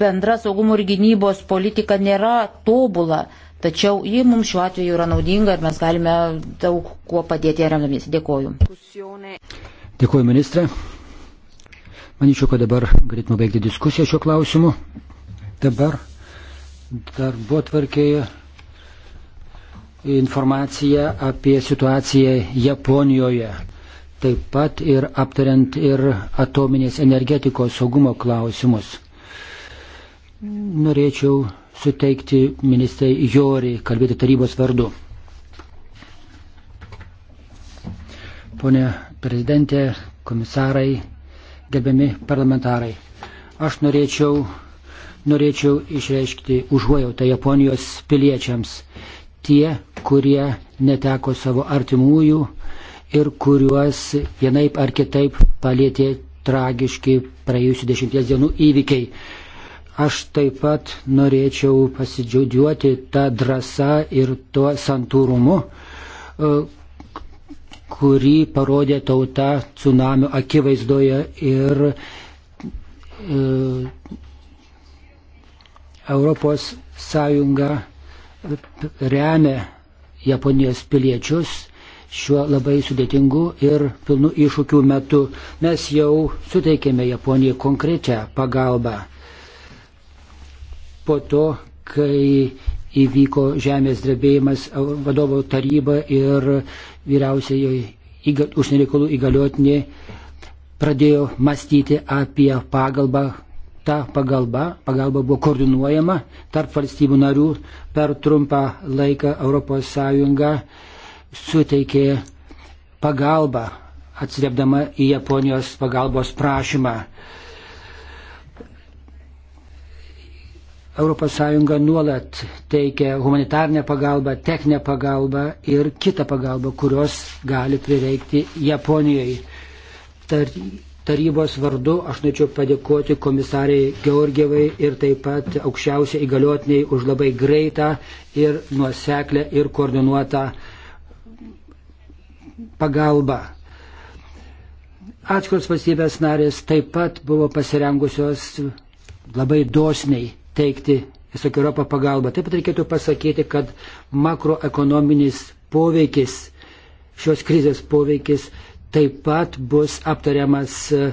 Bendra saugumo ir gynybos politika nėra tobula, tačiau ji mums šiuo atveju yra naudinga ir mes galime daug kuo padėti ją remdamiesi. Dėkoju. Dėkoju, ministrė. Manyčiau, kad dabar galėtume baigti diskusiją šiuo klausimu. Dabar darbo tvarkėje informacija apie situaciją Japonijoje. Taip pat ir aptariant ir atominės energetikos saugumo klausimus norėčiau suteikti ministrai Jori kalbėti tarybos vardu. Pone prezidentė, komisarai, gerbiami parlamentarai, aš norėčiau, norėčiau išreikšti užuojautą Japonijos piliečiams, tie, kurie neteko savo artimųjų ir kuriuos vienaip ar kitaip palėtė tragiški praėjusių dešimties dienų įvykiai. Aš taip pat norėčiau pasidžiaugiuoti tą drąsą ir tuo santūrumu, e, kurį parodė tauta tsunamio akivaizdoje ir e, Europos Sąjunga remia Japonijos piliečius šiuo labai sudėtingu ir pilnu iššūkių metu. Mes jau suteikėme Japonijai konkrečią pagalbą po to, kai įvyko žemės drebėjimas, e, vadovo taryba ir vyriausiai užsienio reikalų įgaliotinė pradėjo mąstyti apie pagalbą. Ta pagalba, pagalba buvo koordinuojama tarp valstybių narių. Per trumpą laiką ES suteikė pagalbą, atsiliepdama į Japonijos pagalbos prašymą. ES nuolat teikia humanitarnę pagalbą, techninę pagalbą ir kitą pagalbą, kurios gali prireikti Japonijai. Tar, tarybos vardu aš norėčiau padėkoti komisariai Georgievai ir taip pat aukščiausiai įgaliotiniai už labai greitą ir nuoseklę ir koordinuotą pagalbą. Atskiros valstybės narės taip pat buvo pasirengusios labai dosniai teikti visokiojopą pagalbą. Taip pat reikėtų pasakyti, kad makroekonominis poveikis, šios krizės poveikis taip pat bus aptariamas e,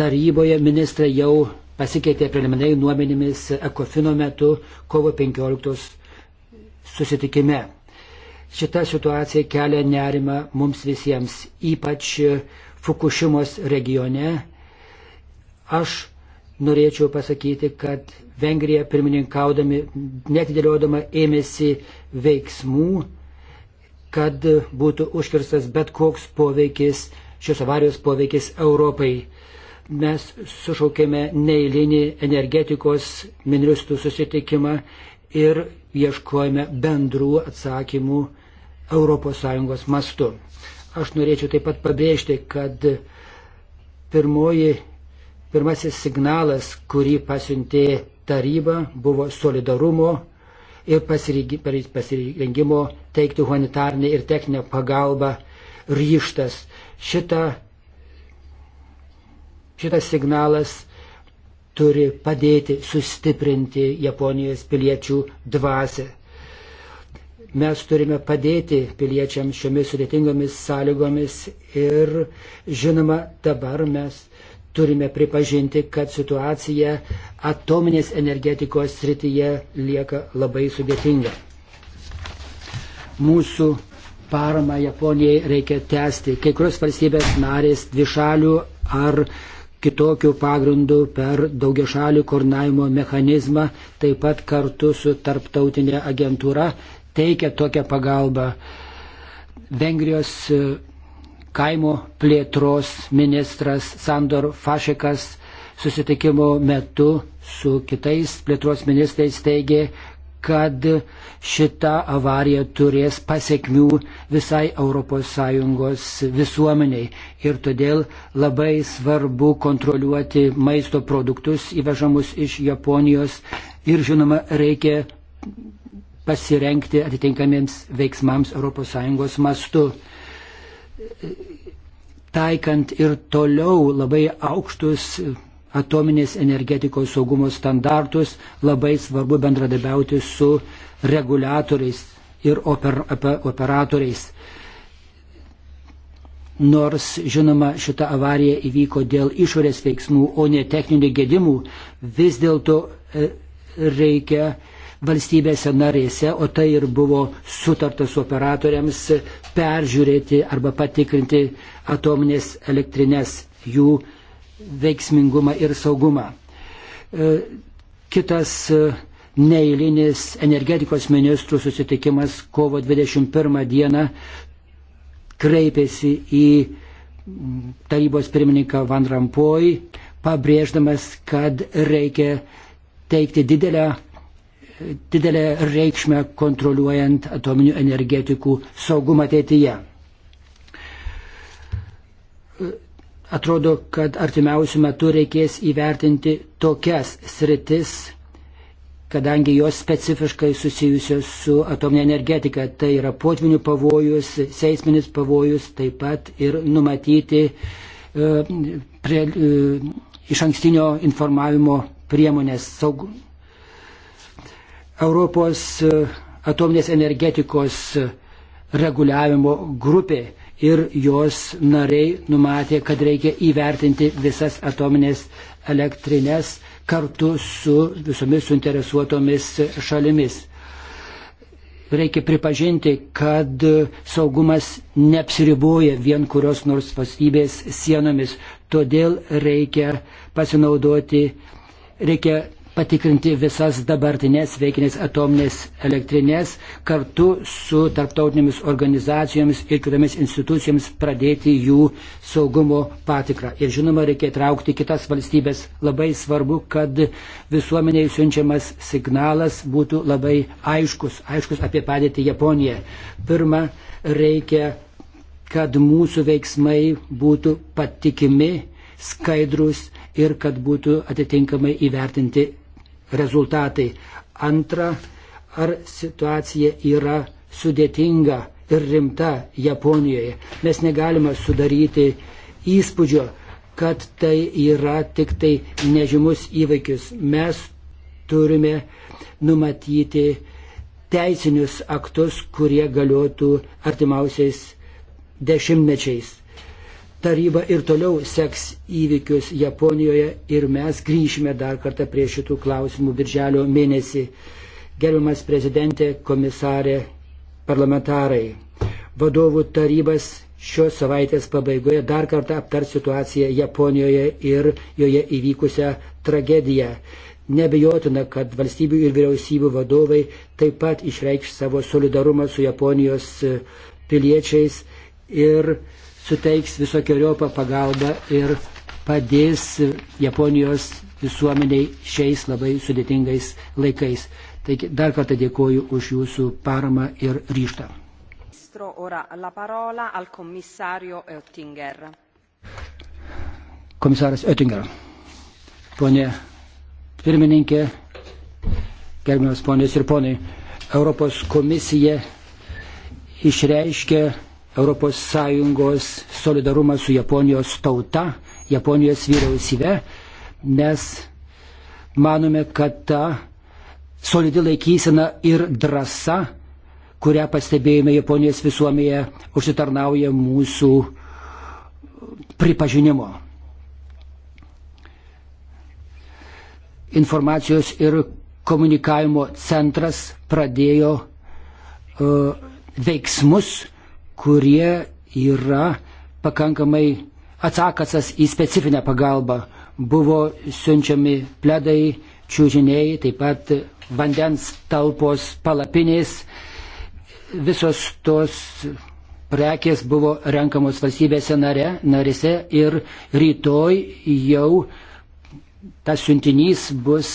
taryboje. Ministrai jau pasikeitė preliminariai nuomenimis ekofino metu kovo 15 susitikime. Šita situacija kelia nerimą mums visiems, ypač Fukushimos regione. Aš norėčiau pasakyti, kad Vengrija pirmininkaudami, netidėliodama ėmėsi veiksmų, kad būtų užkirstas bet koks poveikis, šios avarijos poveikis Europai. Mes sušaukėme neįlinį energetikos ministrų susitikimą ir ieškojame bendrų atsakymų ES mastu. Aš norėčiau taip pat pabrėžti, kad pirmoji, pirmasis signalas, kurį pasiuntė taryba buvo solidarumo ir pasirengimo teikti humanitarnį ir techninę pagalbą ryštas. Šita, šitas signalas turi padėti sustiprinti Japonijos piliečių dvasę. Mes turime padėti piliečiams šiomis sudėtingomis sąlygomis ir žinoma dabar mes turime pripažinti, kad situacija atominės energetikos srityje lieka labai sudėtinga. Mūsų paramą Japonijai reikia tęsti. Kai kurios valstybės narės dvišalių ar kitokių pagrindų per daugiašalių koordinavimo mechanizmą, taip pat kartu su tarptautinė agentūra teikia tokią pagalbą. Vengrijos kaimo plėtros ministras Sandor Fašikas susitikimo metu su kitais plėtros ministrais teigė, kad šita avarija turės pasiekmių visai ES visuomeniai ir todėl labai svarbu kontroliuoti maisto produktus įvežamus iš Japonijos ir žinoma reikia pasirenkti atitinkamiems veiksmams ES mastu taikant ir toliau labai aukštus atominės energetikos saugumo standartus, labai svarbu bendradarbiauti su reguliatoriais ir oper, operatoriais. Nors, žinoma, šita avarija įvyko dėl išorės veiksmų, o ne techninių gedimų, vis dėlto e, reikia valstybėse narėse, o tai ir buvo sutartas operatoriams peržiūrėti arba patikrinti atominės elektrinės jų veiksmingumą ir saugumą. E, kitas e, neįlinis energetikos ministrų susitikimas kovo 21 dieną kreipėsi į tarybos pirmininką Van Rampoj, pabrėždamas, kad reikia teikti didelę didelę reikšmę kontroliuojant atominių energetikų saugumą ateityje. Atrodo, kad artimiausių metų reikės įvertinti tokias sritis, kadangi jos specifiškai susijusios su atominė energetika. Tai yra potvinių pavojus, seisminis pavojus, taip pat ir numatyti e, prie, e, iš ankstinio informavimo priemonės saugumą Europos e, atominės energetikos e, reguliavimo grupė ir jos nariai numatė, kad reikia įvertinti visas atominės elektrinės kartu su visomis suinteresuotomis šalimis. Reikia pripažinti, kad saugumas neapsiriboja vien kurios nors valstybės sienomis, todėl reikia pasinaudoti, reikia patikrinti visas dabartinės veikinės atominės elektrinės, kartu su tarptautinėmis organizacijomis ir kitomis institucijomis pradėti jų saugumo patikrą. Ir žinoma, reikia traukti kitas valstybės. Labai svarbu, kad visuomeniai siunčiamas signalas būtų labai aiškus, aiškus apie padėtį Japoniją. Pirma, reikia kad mūsų veiksmai būtų patikimi, skaidrus ir kad būtų atitinkamai įvertinti rezultatai. Antra, ar situacija yra sudėtinga ir rimta Japonijoje. Mes negalime sudaryti įspūdžio, kad tai yra tik tai nežymus įvykis. Mes turime numatyti teisinius aktus, kurie galiotų artimiausiais dešimtmečiais taryba ir toliau seks įvykius Japonijoje ir mes grįšime dar kartą prie šitų klausimų birželio mėnesį. Gerbiamas prezidentė, komisarė, parlamentarai, vadovų tarybas šios savaitės pabaigoje dar kartą aptars situaciją Japonijoje ir joje įvykusią tragediją. Nebejotina, kad valstybių ir vyriausybių vadovai taip pat išreikš savo solidarumą su Japonijos piliečiais ir suteiks visokiojopą pagalbą ir padės Japonijos visuomeniai šiais labai sudėtingais laikais. Taigi dar kartą dėkoju už jūsų paramą ir ryštą. Komisaras Oettinger. Pone pirmininkė, gerbiamas ponės ir ponai, Europos komisija išreiškė ES solidarumą su Japonijos tauta, Japonijos vyriausybe, nes manome, kad ta solidi laikysena ir drąsa, kurią pastebėjome Japonijos visuomenėje, užsitarnauja mūsų pripažinimo. Informacijos ir komunikavimo centras pradėjo uh, veiksmus kurie yra pakankamai atsakas į specifinę pagalbą. Buvo siunčiami pledai, čiūžiniai, taip pat vandens talpos, palapinės. Visos tos prekės buvo renkamos valstybėse nare, narėse ir rytoj jau tas siuntinys bus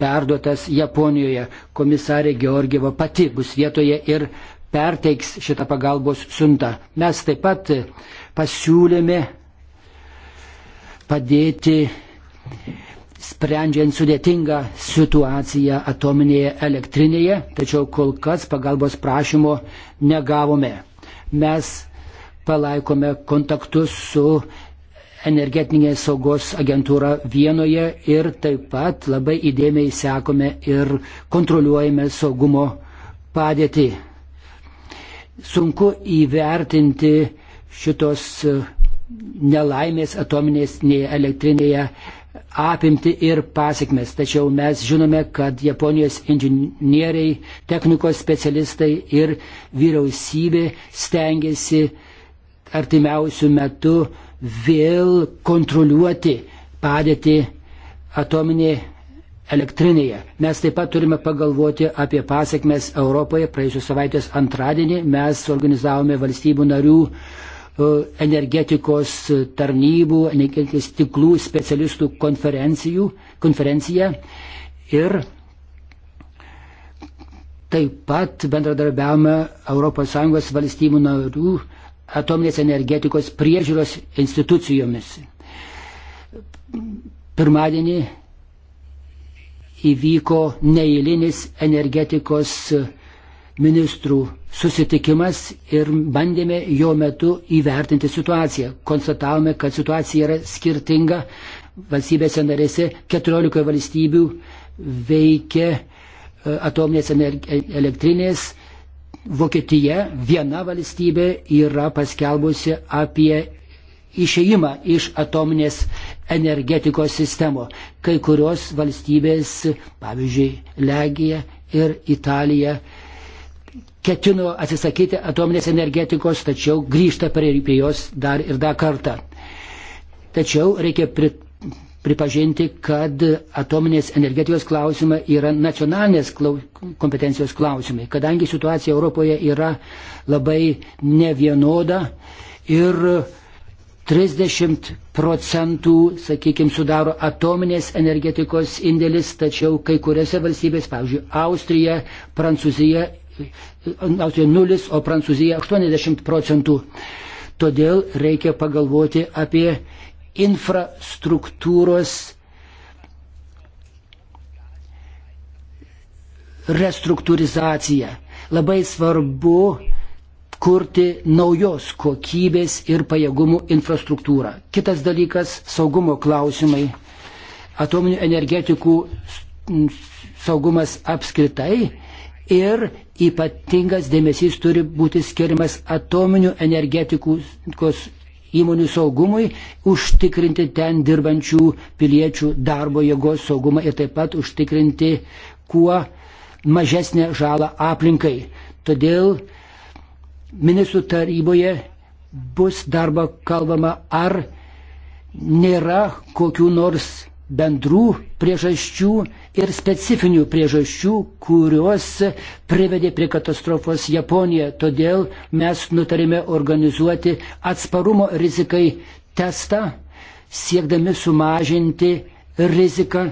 perduotas Japonijoje. Komisarė Georgieva pati bus vietoje ir perteiks šitą pagalbos siuntą. Mes taip pat pasiūlėme padėti sprendžiant sudėtingą situaciją atominėje elektrinėje, tačiau kol kas pagalbos prašymo negavome. Mes palaikome kontaktus su energetinės saugos agentūra Vienoje ir taip pat labai įdėmiai sekome ir kontroliuojame saugumo padėtį sunku įvertinti šitos e, nelaimės atominės elektrinėje apimti ir pasiekmes. Tačiau mes žinome, kad Japonijos inžinieriai, technikos specialistai ir vyriausybė stengiasi artimiausių metų vėl kontroliuoti padėtį atominėje elektrinėje. Mes taip pat turime pagalvoti apie pasiekmes Europoje. Praėjusios savaitės antradienį mes organizavome valstybių narių e, energetikos tarnybų, energetikos tiklų specialistų konferenciją ir taip pat bendradarbiavome ES valstybių narių atominės energetikos priežiūros institucijomis. Pirmadienį įvyko neįlinis energetikos ministrų susitikimas ir bandėme jo metu įvertinti situaciją. Konstatavome, kad situacija yra skirtinga. Valstybėse narėse 14 valstybių veikia e, atominės e, elektrinės. Vokietija viena valstybė yra paskelbusi apie išeimą iš atominės elektrinės energetikos sistemo. Kai kurios valstybės, pavyzdžiui, Legija ir Italija, ketino atsisakyti atominės energetikos, tačiau grįžta prie jos dar ir dar kartą. Tačiau reikia pri, pripažinti, kad atominės energetijos klausimai yra nacionalinės klaus, kompetencijos klausimai, kadangi situacija Europoje yra labai nevienoda ir uh, 30 procentų, sakykime, sudaro atominės energetikos indėlis, tačiau kai kuriuose valstybės, pavyzdžiui, Austrija, Prancūzija, Austrija 0, o Prancūzija 80 procentų. Todėl reikia pagalvoti apie infrastruktūros restruktūrizaciją. Labai svarbu kurti naujos kokybės ir pajėgumų infrastruktūrą. Kitas dalykas - saugumo klausimai. Atominių energetikų saugumas apskritai ir ypatingas dėmesys turi būti skiriamas atominių energetikos įmonių saugumui, užtikrinti ten dirbančių piliečių darbo jėgos saugumą ir taip pat užtikrinti kuo mažesnę žalą aplinkai. Todėl ministrų taryboje bus darba kalbama, ar nėra kokių nors bendrų priežasčių ir specifinių priežasčių, kurios privedė prie katastrofos Japonija. Todėl mes nutarėme organizuoti atsparumo rizikai testą, siekdami sumažinti riziką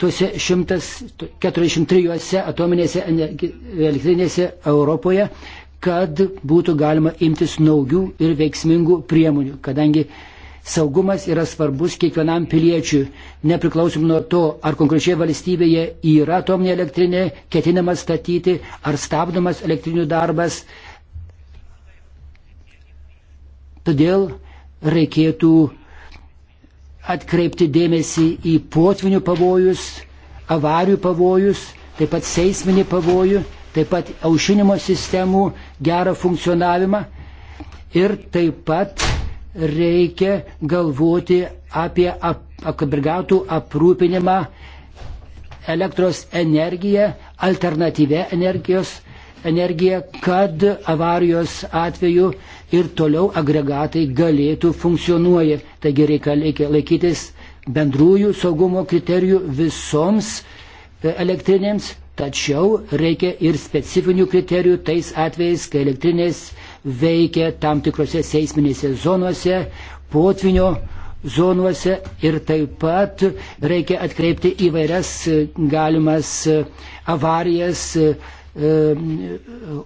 tuose 143 atominėse elektrinėse Europoje, kad būtų galima imtis naujų ir veiksmingų priemonių, kadangi saugumas yra svarbus kiekvienam piliečiui, nepriklausom nuo to, ar konkrečioje valstybėje yra atominė elektrinė, ketinama statyti, ar stabdomas elektrinių darbas. Todėl reikėtų atkreipti dėmesį į potvinių pavojus, avarijų pavojus, taip pat seisminį pavojų, taip pat aušinimo sistemų gerą funkcionavimą ir taip pat reikia galvoti apie ap, akabrigatų aprūpinimą elektros energiją, alternatyvę energijos energiją, kad avarijos atveju ir toliau agregatai galėtų funkcionuoja. Taigi reikia, reikia laikytis bendrųjų saugumo kriterijų visoms e, elektrinėms, tačiau reikia ir specifinių kriterijų tais atvejais, kai elektrinės veikia tam tikrose seisminėse zonuose, potvinio zonuose ir taip pat reikia atkreipti įvairias e, galimas e, avarijas, E,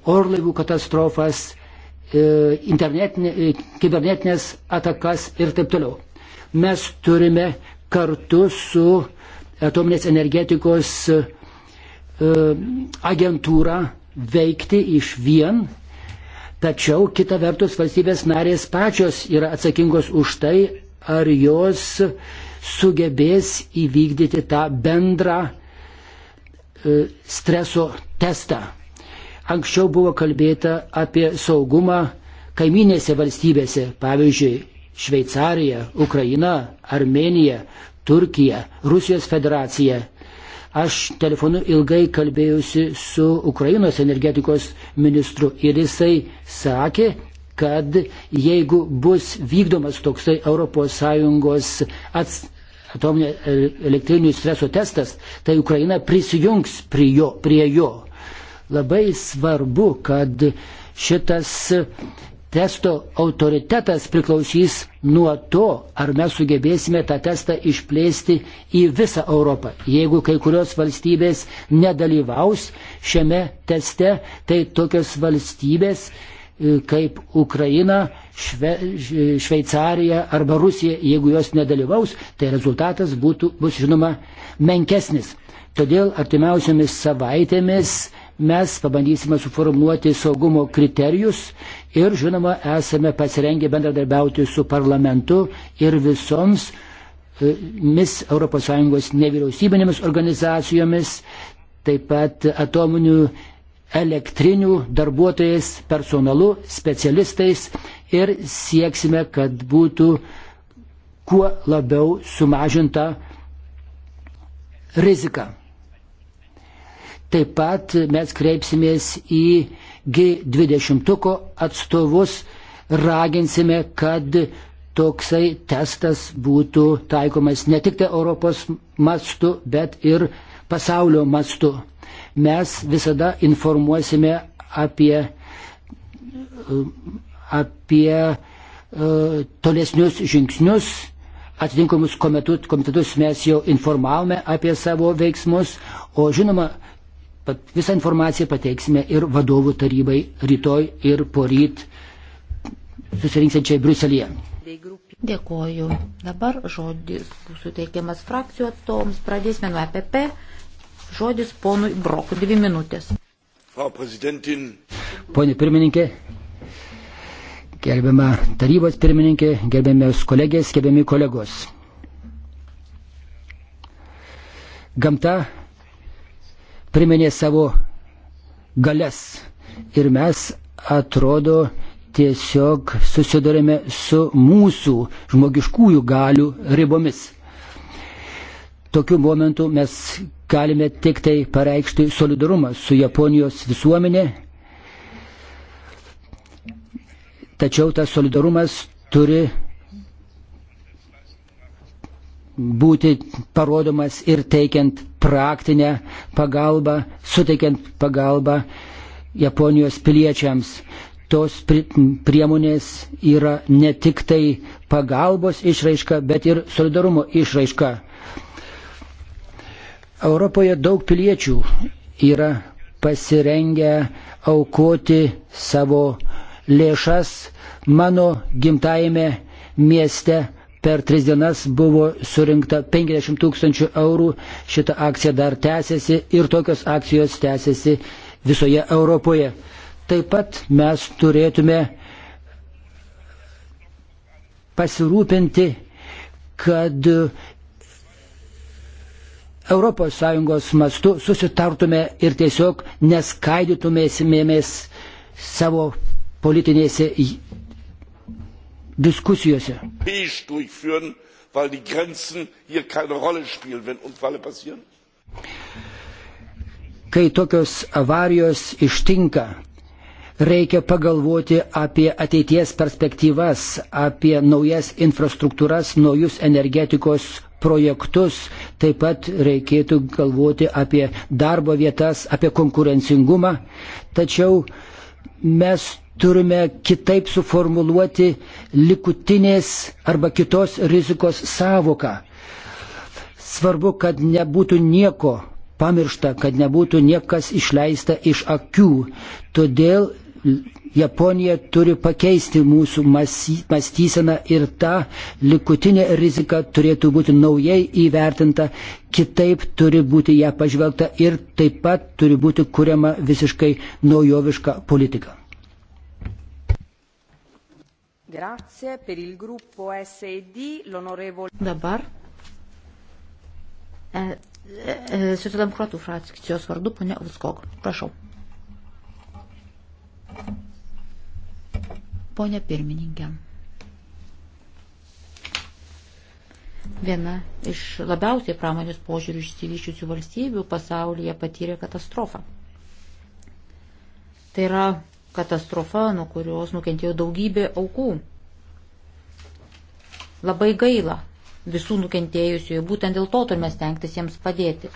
orlaivių katastrofas, e, e, kibernetinės atakas ir taip toliau. Mes turime kartu su atominės energetikos agentūra veikti iš vien, tačiau kita vertus valstybės narės pačios yra atsakingos už tai, ar jos sugebės įvykdyti tą bendrą E, streso testą. Anksčiau buvo kalbėta apie saugumą kaiminėse valstybėse, pavyzdžiui, Šveicarija, Ukraina, Armenija, Turkija, Rusijos federacija. Aš telefonu ilgai kalbėjusi su Ukrainos energetikos ministru ir jisai sakė, kad jeigu bus vykdomas toksai ES ats, atominio e, elektrinių streso testas, tai Ukraina prisijungs prie jo. Prie jo. Labai svarbu, kad šitas testo autoritetas priklausys nuo to, ar mes sugebėsime tą testą išplėsti į visą Europą. Jeigu kai kurios valstybės nedalyvaus šiame teste, tai tokios valstybės kaip Ukraina, Šve, Šveicarija arba Rusija, jeigu jos nedalyvaus, tai rezultatas būtų, bus žinoma menkesnis. Todėl artimiausiamis savaitėmis mes pabandysime suformuoti saugumo kriterijus ir žinoma esame pasirengę bendradarbiauti su parlamentu ir visoms e, mis ES nevyriausybinėmis organizacijomis, taip pat atominių elektrinių darbuotojais, personalu, specialistais ir sieksime, kad būtų kuo labiau sumažinta rizika. Taip pat mes kreipsimės į G20 atstovus, raginsime, kad toksai testas būtų taikomas ne tik tai Europos mastu, bet ir pasaulio mastu mes visada informuosime apie, e, apie e, tolesnius žingsnius. Atitinkamus komitetus mes jau informavome apie savo veiksmus, o žinoma, visą informaciją pateiksime ir vadovų tarybai rytoj ir poryt susirinksiančiai Bruselėje. Dėkoju. Dabar žodis bus suteikiamas frakcijų atstovams. Pradėsime nuo APP. E Žodis ponui Broku, dvi minutės. Pone pirmininkė, gerbiama tarybos pirmininkė, gerbiamios kolegės, gerbiami kolegos. Gamta priminė savo galės ir mes atrodo tiesiog susidurime su mūsų žmogiškųjų galių ribomis. Tokiu momentu mes galime tik tai pareikšti solidarumą su Japonijos visuomenė. Tačiau tas solidarumas turi būti parodomas ir teikiant praktinę pagalbą, suteikiant pagalbą Japonijos piliečiams. Tos priemonės yra ne tik tai pagalbos išraiška, bet ir solidarumo išraiška. Europoje daug piliečių yra pasirengę aukoti savo lėšas. Mano gimtajame mieste per tris dienas buvo surinkta 50 tūkstančių eurų. Šita akcija dar tęsiasi ir tokios akcijos tęsiasi visoje Europoje. Taip pat mes turėtume pasirūpinti, kad ES mastu susitartume ir tiesiog neskaidytumėsimėmės savo politinėse diskusijose. Kai tokios avarijos ištinka, Reikia pagalvoti apie ateities perspektyvas, apie naujas infrastruktūras, naujus energetikos projektus. Taip pat reikėtų galvoti apie darbo vietas, apie konkurencingumą. Tačiau mes turime kitaip suformuluoti likutinės arba kitos rizikos savoką. Svarbu, kad nebūtų nieko pamiršta, kad nebūtų niekas išleista iš akių. Todėl Japonija turi pakeisti mūsų mąstyseną ir ta likutinė rizika turėtų būti naujai įvertinta, kitaip turi būti ją pažvelgta ir taip pat turi būti kuriama visiškai naujoviška politika. E Dabar e, e, socialdemokratų frakcijos vardu ponia Uskog. Prašau. Pone pirmininkė. Viena iš labiausiai pramonės požiūrių išsivyščiusių valstybių pasaulyje patyrė katastrofą. Tai yra katastrofa, nuo kurios nukentėjo daugybė aukų. Labai gaila visų nukentėjusiųjų, būtent dėl to turime stengtis jiems padėti.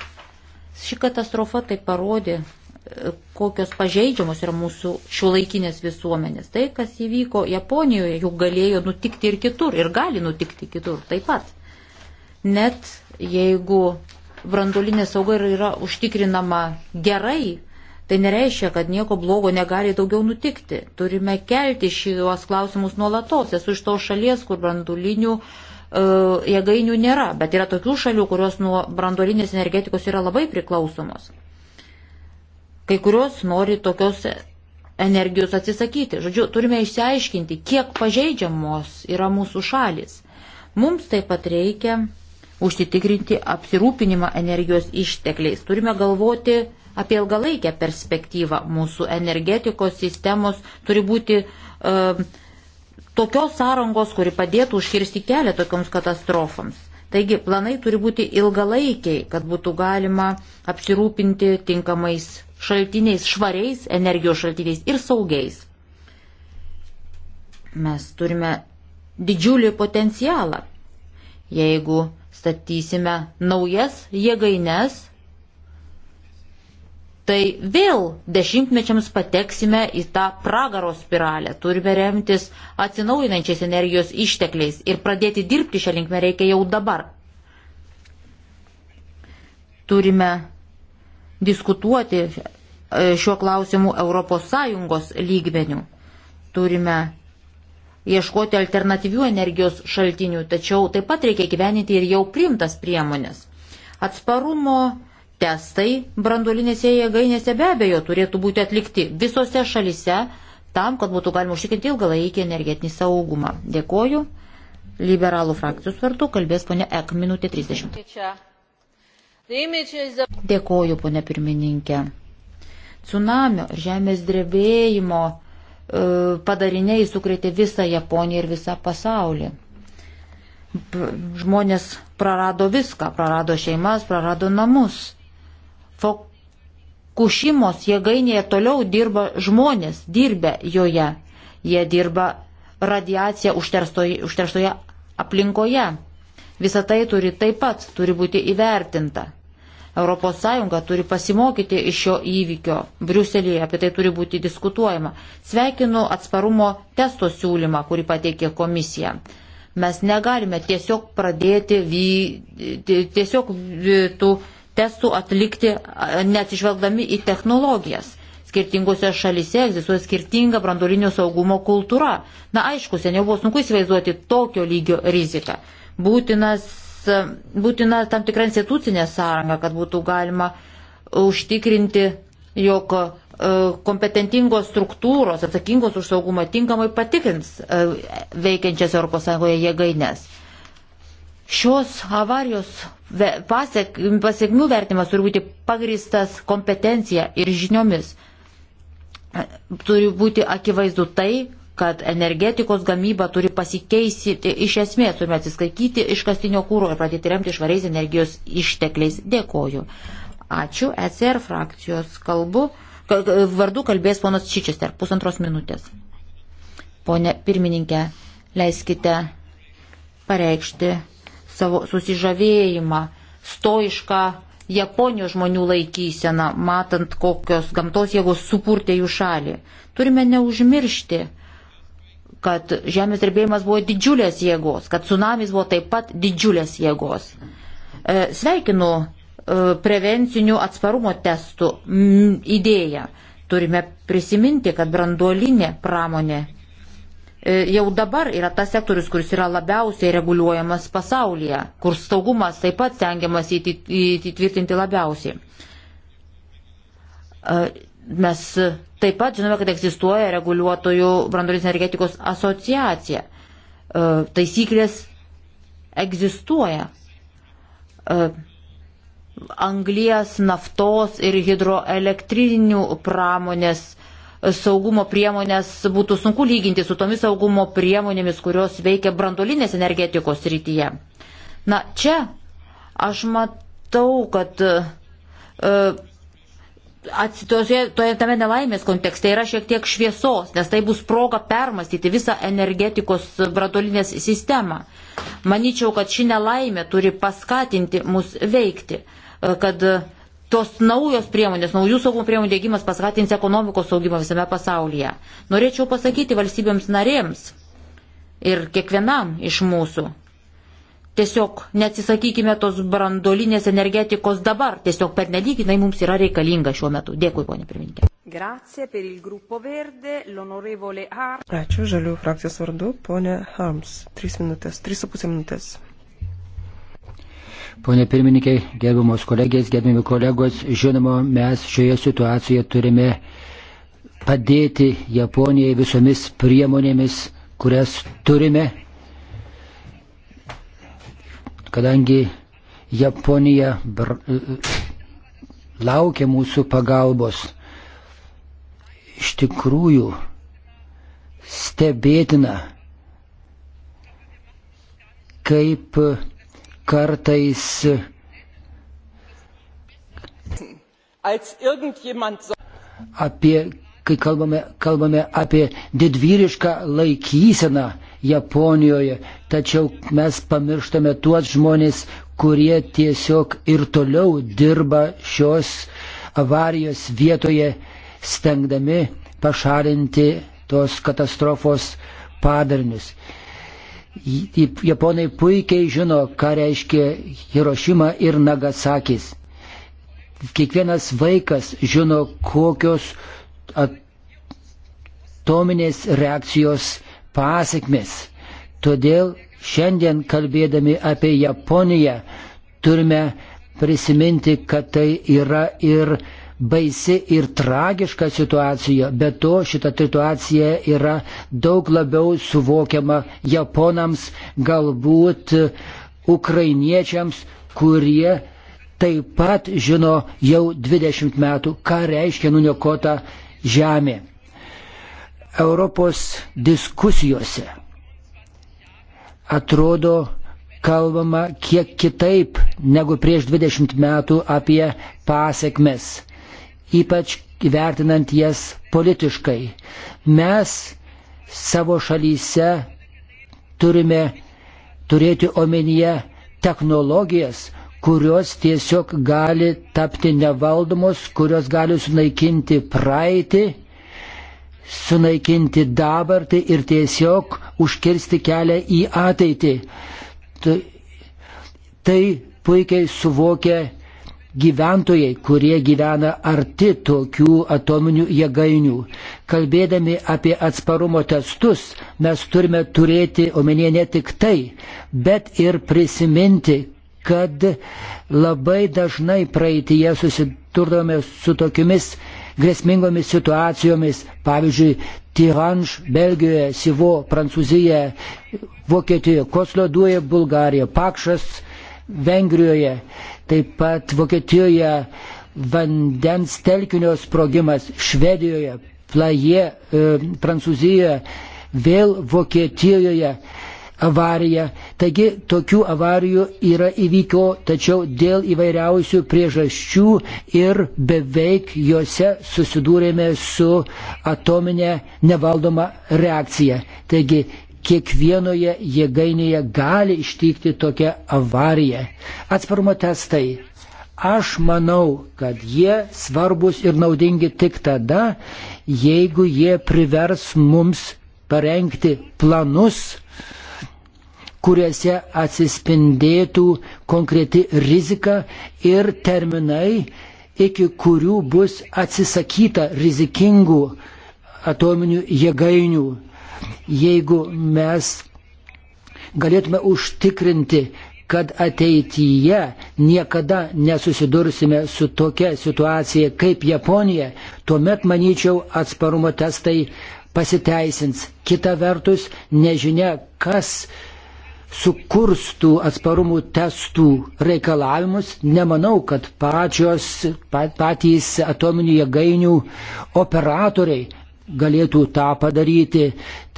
Ši katastrofa tai parodė, kokios pažeidžiamos yra mūsų šiuolaikinės visuomenės. Tai, kas įvyko Japonijoje, juk galėjo nutikti ir kitur, ir gali nutikti kitur taip pat. Net jeigu branduolinė sauga yra užtikrinama gerai, tai nereiškia, kad nieko blogo negali daugiau nutikti. Turime kelti šiuos klausimus nuolatos. Esu iš tos šalies, kur branduolinių e, jėgainių nėra, bet yra tokių šalių, kurios nuo branduolinės energetikos yra labai priklausomos. Kai kurios nori tokios energijos atsisakyti. Žodžiu, turime išsiaiškinti, kiek pažeidžiamos yra mūsų šalis. Mums taip pat reikia užsitikrinti apsirūpinimą energijos ištekliais. Turime galvoti apie ilgalaikę perspektyvą. Mūsų energetikos sistemos turi būti e, tokios sąrangos, kuri padėtų užkirsti kelią tokioms katastrofams. Taigi planai turi būti ilgalaikiai, kad būtų galima apsirūpinti tinkamais šaltiniais, švariais energijos šaltiniais ir saugiais. Mes turime didžiulį potencialą. Jeigu statysime naujas jėgaines, tai vėl dešimtmečiams pateksime į tą pragaro spiralę. Turime remtis atsinaujinančiais energijos ištekliais ir pradėti dirbti šią linkmę reikia jau dabar. Turime diskutuoti E, šiuo klausimu ES lygmenių. Turime ieškoti alternatyvių energijos šaltinių, tačiau taip pat reikia gyveninti ir jau primtas priemonės. Atsparumo testai branduolinėse jėgainėse be abejo turėtų būti atlikti visose šalise tam, kad būtų galima užtikrinti ilgalaikį energetinį saugumą. Dėkoju. Liberalų frakcijos vardu kalbės ponia Ek, minutė 30. Dėkoju, ponia pirmininkė tsunamio ir žemės drebėjimo e, padariniai sukrėtė visą Japoniją ir visą pasaulį. Žmonės prarado viską, prarado šeimas, prarado namus. Fukushimos jėgainėje toliau dirba žmonės, dirbę joje. Jie dirba radiaciją užterstoje, užterstoje aplinkoje. Visą tai turi taip pat, turi būti įvertinta. ES turi pasimokyti iš šio įvykio Briuselėje, apie tai turi būti diskutuojama. Sveikinu atsparumo testo siūlymą, kurį pateikė komisija. Mes negalime tiesiog pradėti, vy, tiesiog tų testų atlikti, neatsižvelgdami į technologijas. Skirtingose šalise egzistuoja skirtinga brandolinio saugumo kultūra. Na aišku, seniau buvo sunku įsivaizduoti tokio lygio riziką. Būtinas būtina tam tikra institucinė sąranga, kad būtų galima užtikrinti, jog e, kompetentingos struktūros, atsakingos už saugumą, tinkamai patikrins e, veikiančias ES jėgainės. Šios avarijos pasiek, pasiekmių vertimas turi būti pagristas kompetencija ir žiniomis. E, turi būti akivaizdu tai, kad energetikos gamyba turi pasikeisti tai iš esmės, turime atsiskaityti iš kastinio kūro ir pradėti remti švariais energijos ištekliais. Dėkoju. Ačiū. ECR frakcijos kalbu. Vardu kalbės ponas Čičester. Pusantros minutės. Pone pirmininkė, leiskite pareikšti savo susižavėjimą, stoišką Japonijos žmonių laikyseną, matant, kokios gamtos jėgos supurtė jų šalį. Turime neužmiršti, kad žemės drebėjimas buvo didžiulės jėgos, kad tsunamis buvo taip pat didžiulės jėgos. E, sveikinu e, prevencinių atsparumo testų idėją. Turime prisiminti, kad branduolinė pramonė e, jau dabar yra tas sektorius, kuris yra labiausiai reguliuojamas pasaulyje, kur saugumas taip pat stengiamas įtvirtinti labiausiai. Mes Taip pat žinome, kad egzistuoja reguliuotojų brandolinės energetikos asociacija. E, taisyklės egzistuoja. E, Anglijas, naftos ir hidroelektrinių pramonės e, saugumo priemonės būtų sunku lyginti su tomis saugumo priemonėmis, kurios veikia brandolinės energetikos rytyje. Na, čia aš matau, kad uh, atsitoje, toje tame nelaimės kontekste yra šiek tiek šviesos, nes tai bus proga permastyti visą energetikos bradolinės sistemą. Maničiau, kad ši nelaimė turi paskatinti mus veikti, e, kad e, tos naujos priemonės, naujų saugumo priemonių dėgymas paskatins ekonomikos saugimą visame pasaulyje. Norėčiau pasakyti valstybėms narėms ir kiekvienam iš mūsų, tiesiog neatsisakykime tos brandolinės energetikos dabar, tiesiog per nelyg jinai mums yra reikalinga šiuo metu. Dėkui, ponė pirmininkė. Ačiū žalių frakcijos vardu, ponė Harms. 3 minutės, 3,5 minutės. Pone pirmininkė, gerbiamos kolegės, gerbiami kolegos, žinoma, mes šioje situacijoje turime padėti Japonijai visomis priemonėmis, kurias turime kadangi Japonija br... laukia mūsų pagalbos. Iš tikrųjų, stebėtina, kaip kartais apie, kai kalbame, kalbame apie didvyrišką laikyseną Japonijoje, tačiau mes pamirštame tuos žmonės, kurie tiesiog ir toliau dirba šios avarijos vietoje, stengdami pašalinti tos katastrofos padarinius. Japonai puikiai žino, ką reiškia Hirošima ir Nagasakis. Kiekvienas vaikas žino, kokios atominės reakcijos pasiekmes. Todėl Šiandien kalbėdami apie Japoniją turime prisiminti, kad tai yra ir baisi ir tragiška situacija, bet to šita situacija yra daug labiau suvokiama japonams, galbūt ukrainiečiams, kurie taip pat žino jau 20 metų, ką reiškia nuniokota žemė. Europos diskusijose atrodo kalbama kiek kitaip negu prieš 20 metų apie pasiekmes, ypač įvertinant jas politiškai. Mes savo šalyse turime turėti omenyje technologijas, kurios tiesiog gali tapti nevaldomos, kurios gali sunaikinti praeitį sunaikinti dabartį ir tiesiog užkirsti kelią į ateitį. Tai puikiai suvokia gyventojai, kurie gyvena arti tokių atominių jėgainių. Kalbėdami apie atsparumo testus, mes turime turėti omenyje ne tik tai, bet ir prisiminti, kad labai dažnai praeitie susidurdome su tokiamis grėsmingomis situacijomis, pavyzdžiui, Tiranš, Belgijoje, Sivo, Prancūzija, Vokietijoje, Kosloduoja, Bulgarija, Pakšas, Vengrijoje, taip pat Vokietijoje vandens telkinio sprogimas, Švedijoje, Plaje, e, Prancūzijoje, vėl Vokietijoje avariją. Taigi tokių avarijų yra įvykio, tačiau dėl įvairiausių priežasčių ir beveik juose susidūrėme su atominė nevaldoma reakcija. Taigi kiekvienoje jėgainėje gali ištikti tokia avarija. Atsparumo testai. Aš manau, kad jie svarbus ir naudingi tik tada, jeigu jie privers mums parengti planus, kuriuose atsispindėtų konkreti rizika ir terminai, iki kurių bus atsisakyta rizikingų atominių jėgainių. Jeigu mes galėtume užtikrinti, kad ateityje niekada nesusidursime su tokia situacija kaip Japonija, tuomet, manyčiau, atsparumo testai pasiteisins. Kita vertus, nežinia, kas sukurstų atsparumų testų reikalavimus, nemanau, kad pačios, patys atominių jėgainių operatoriai galėtų tą padaryti.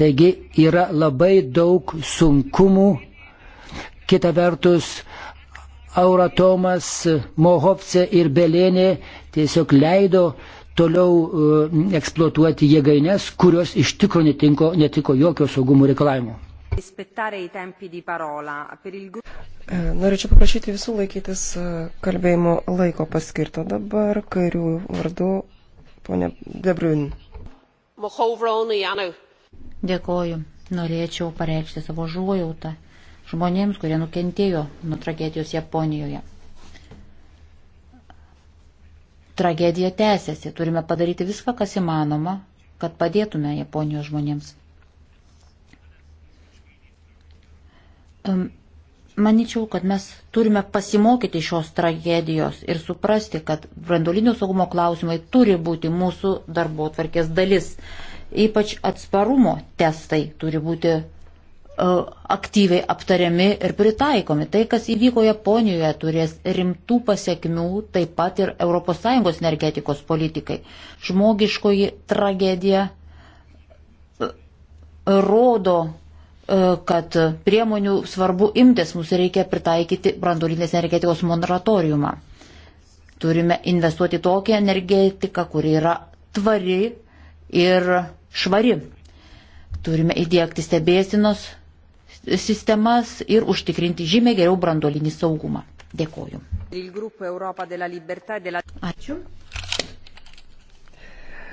Taigi yra labai daug sunkumų. Kita vertus, Euratomas, Mohovce ir Belenė tiesiog leido toliau e, eksploatuoti jėgainės, kurios iš tikrųjų netiko, netiko jokio saugumo reikalavimo. E, norėčiau paprašyti visų laikytis e, kalbėjimo laiko paskirto dabar karių vardu, ponė Debriun. Dėkoju. Norėčiau pareikšti savo žuojautą žmonėms, kurie nukentėjo nuo tragedijos Japonijoje. Tragedija tęsiasi. Turime padaryti viską, kas įmanoma, kad padėtume Japonijos žmonėms. Maničiau, kad mes turime pasimokyti šios tragedijos ir suprasti, kad brandolinio saugumo klausimai turi būti mūsų darbo tvarkės dalis. Ypač atsparumo testai turi būti uh, aktyviai aptariami ir pritaikomi. Tai, kas įvyko Japonijoje, turės rimtų pasiekmių taip pat ir ES energetikos politikai. Žmogiškoji tragedija uh, rodo, E, kad priemonių svarbu imtis, mums reikia pritaikyti branduolinės energetikos moratoriumą. Turime investuoti tokią energetiką, kuri yra tvari ir švari. Turime įdėkti stebėsinos sistemas ir užtikrinti žymiai geriau branduolinį saugumą. Dėkoju. E Ačiū.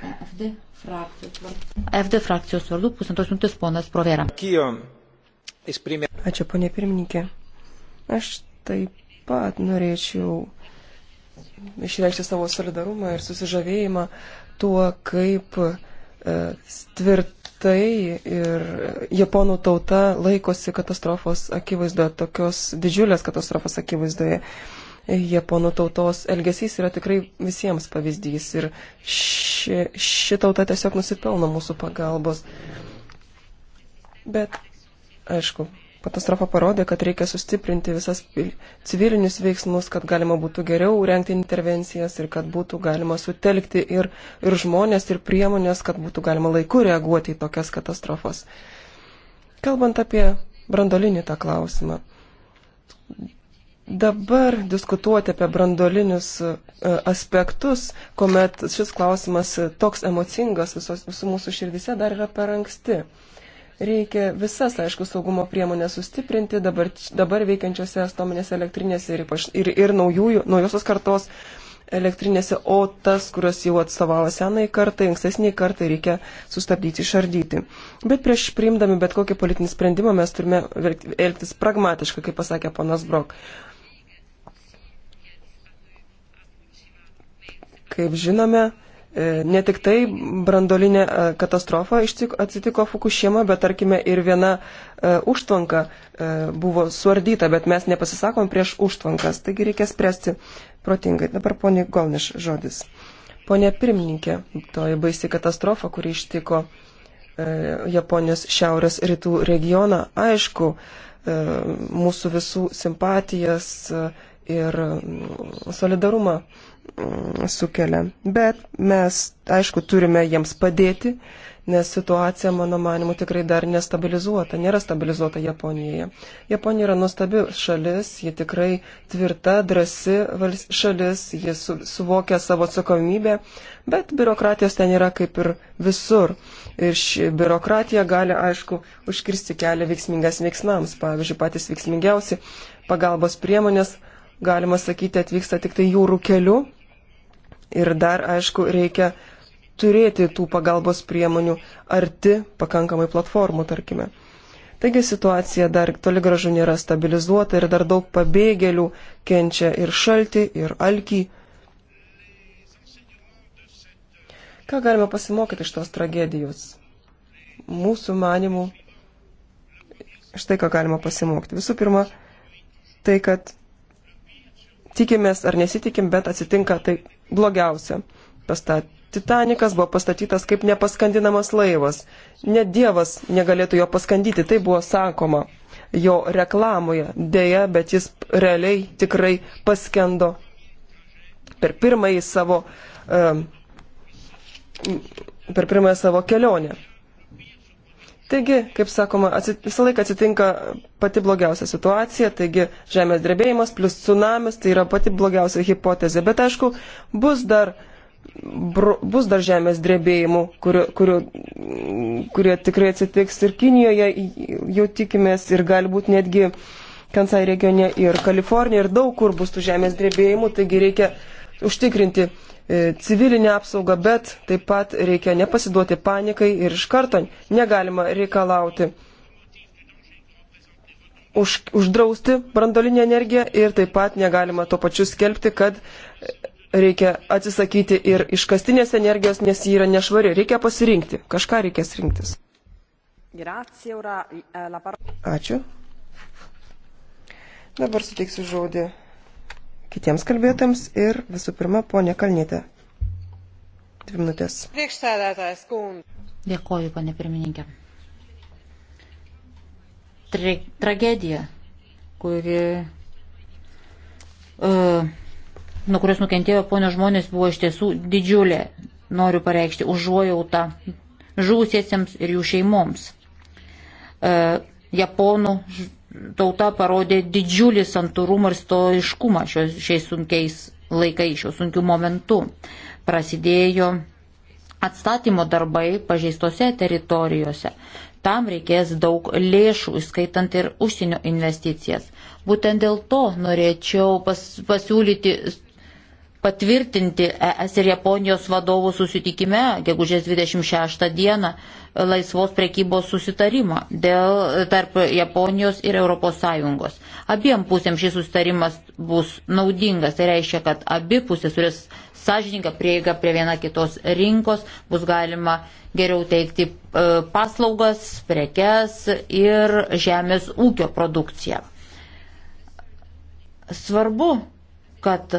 FD frakcijos vardu. FD frakcijos vardu pusantros minutės ponas Provera. Ačiū, ponė pirmininkė. Aš taip pat norėčiau išreikšti savo solidarumą ir susižavėjimą tuo, kaip e, tvirtai ir japonų tauta laikosi katastrofos akivaizdoje, tokios didžiulės katastrofos akivaizdoje. E, japonų tautos elgesys yra tikrai visiems pavyzdys ir ši, ši tauta tiesiog nusipelno mūsų pagalbos. Bet, aišku, katastrofa parodė, kad reikia sustiprinti visas civilinius veiksmus, kad galima būtų geriau renkti intervencijas ir kad būtų galima sutelkti ir, ir žmonės, ir priemonės, kad būtų galima laiku reaguoti į tokias katastrofas. Kalbant apie brandolinį tą klausimą, Dabar diskutuoti apie brandolinius e, aspektus, kuomet šis klausimas toks emocingas visos, visų mūsų širdise, dar yra per anksti. Reikia visas, aišku, saugumo priemonės sustiprinti dabar, dabar veikiančiose atominėse elektrinėse ir, ir, ir naujųjų, naujosios kartos elektrinėse, o tas, kurios jau atstovavo senai kartai, ankstesniai kartai reikia sustabdyti, išardyti. Bet prieš priimdami bet kokį politinį sprendimą mes turime elgtis pragmatiškai, kaip pasakė ponas Brok. Kaip žinome, e, ne tik tai brandolinė e, katastrofa atsitiko Fukushima, bet tarkime ir viena e, užtvanka buvo suardyta, bet mes nepasisakom prieš užtvankas, taigi reikia spręsti protingai. Dabar ponė Golniš žodis. Pone pirmininkė, toji baisi katastrofa, kuri ištiko Japonijos šiaurės rytų regioną, aišku, mūsų visų simpatijas ir solidarumą Mm, sukelia. Bet mes, aišku, turime jiems padėti, nes situacija, mano manimu, tikrai dar nestabilizuota, nėra stabilizuota Japonijoje. Japonija yra nuostabi šalis, ji tikrai tvirta, drasi šalis, ji su, suvokia savo atsakomybę, bet biurokratijos ten yra kaip ir visur. Ir ši biurokratija gali, aišku, užkirsti kelią veiksmingas veiksmams, pavyzdžiui, patys veiksmingiausi pagalbos priemonės galima sakyti, atvyksta tik tai jūrų keliu. Ir dar, aišku, reikia turėti tų pagalbos priemonių arti pakankamai platformų, tarkime. Taigi situacija dar toli gražu nėra stabilizuota ir dar daug pabėgėlių kenčia ir šaltį, ir alkį. Ką galime pasimokyti iš tos tragedijos? Mūsų manimų, štai ką galima pasimokti. Visų pirma, tai, kad tikimės ar nesitikim, bet atsitinka tai blogiausia. Pastat. Titanikas buvo pastatytas kaip nepaskandinamas laivas. Net Dievas negalėtų jo paskandyti, tai buvo sakoma jo reklamoje. Deja, bet jis realiai tikrai paskendo per pirmąjį savo, um, per pirmąją savo kelionę. Taigi, kaip sakoma, atsit, visą laiką atsitinka pati blogiausia situacija, taigi žemės drebėjimas plus tsunamis, tai yra pati blogiausia hipotezė. Bet aišku, bus dar, bro, bus dar žemės drebėjimų, kurio, kurio, kurie tikrai atsitiks ir Kinijoje, jau tikimės, ir galbūt netgi Kansai regione, ir Kalifornijoje, ir daug kur bus tų žemės drebėjimų, taigi reikia užtikrinti E, civilinę apsaugą, bet taip pat reikia nepasiduoti panikai ir iš karto negalima reikalauti už, uždrausti brandolinę energiją ir taip pat negalima to pačiu skelbti, kad reikia atsisakyti ir iškastinės energijos, nes ji yra nešvari. Reikia pasirinkti. Kažką reikės rinktis. E, Ačiū. Dabar suteiksiu žodį kitiems kalbėtams ir visų pirma, ponė Kalnytė. Dvi minutės. Dėkoju, ponė pirmininkė. Tra tragedija, kuri, uh, nuo kurios nukentėjo ponio žmonės, buvo iš tiesų didžiulė. Noriu pareikšti užuojautą žūsiesiems ir jų šeimoms. Uh, Japonų tauta parodė didžiulį santūrumą ir stoiškumą šios, šiais sunkiais laikais, šiuo sunkiu momentu. Prasidėjo atstatymo darbai pažeistose teritorijose. Tam reikės daug lėšų, įskaitant ir užsienio investicijas. Būtent dėl to norėčiau pas, pasiūlyti patvirtinti ES ir Japonijos vadovų susitikime, gegužės 26 dieną, laisvos prekybos susitarimą dėl tarp Japonijos ir ES. Abiem pusėm šis susitarimas bus naudingas, tai reiškia, kad abi pusės turės sąžininką prieigą prie viena kitos rinkos, bus galima geriau teikti e, paslaugas, prekes ir žemės ūkio produkciją. Svarbu, kad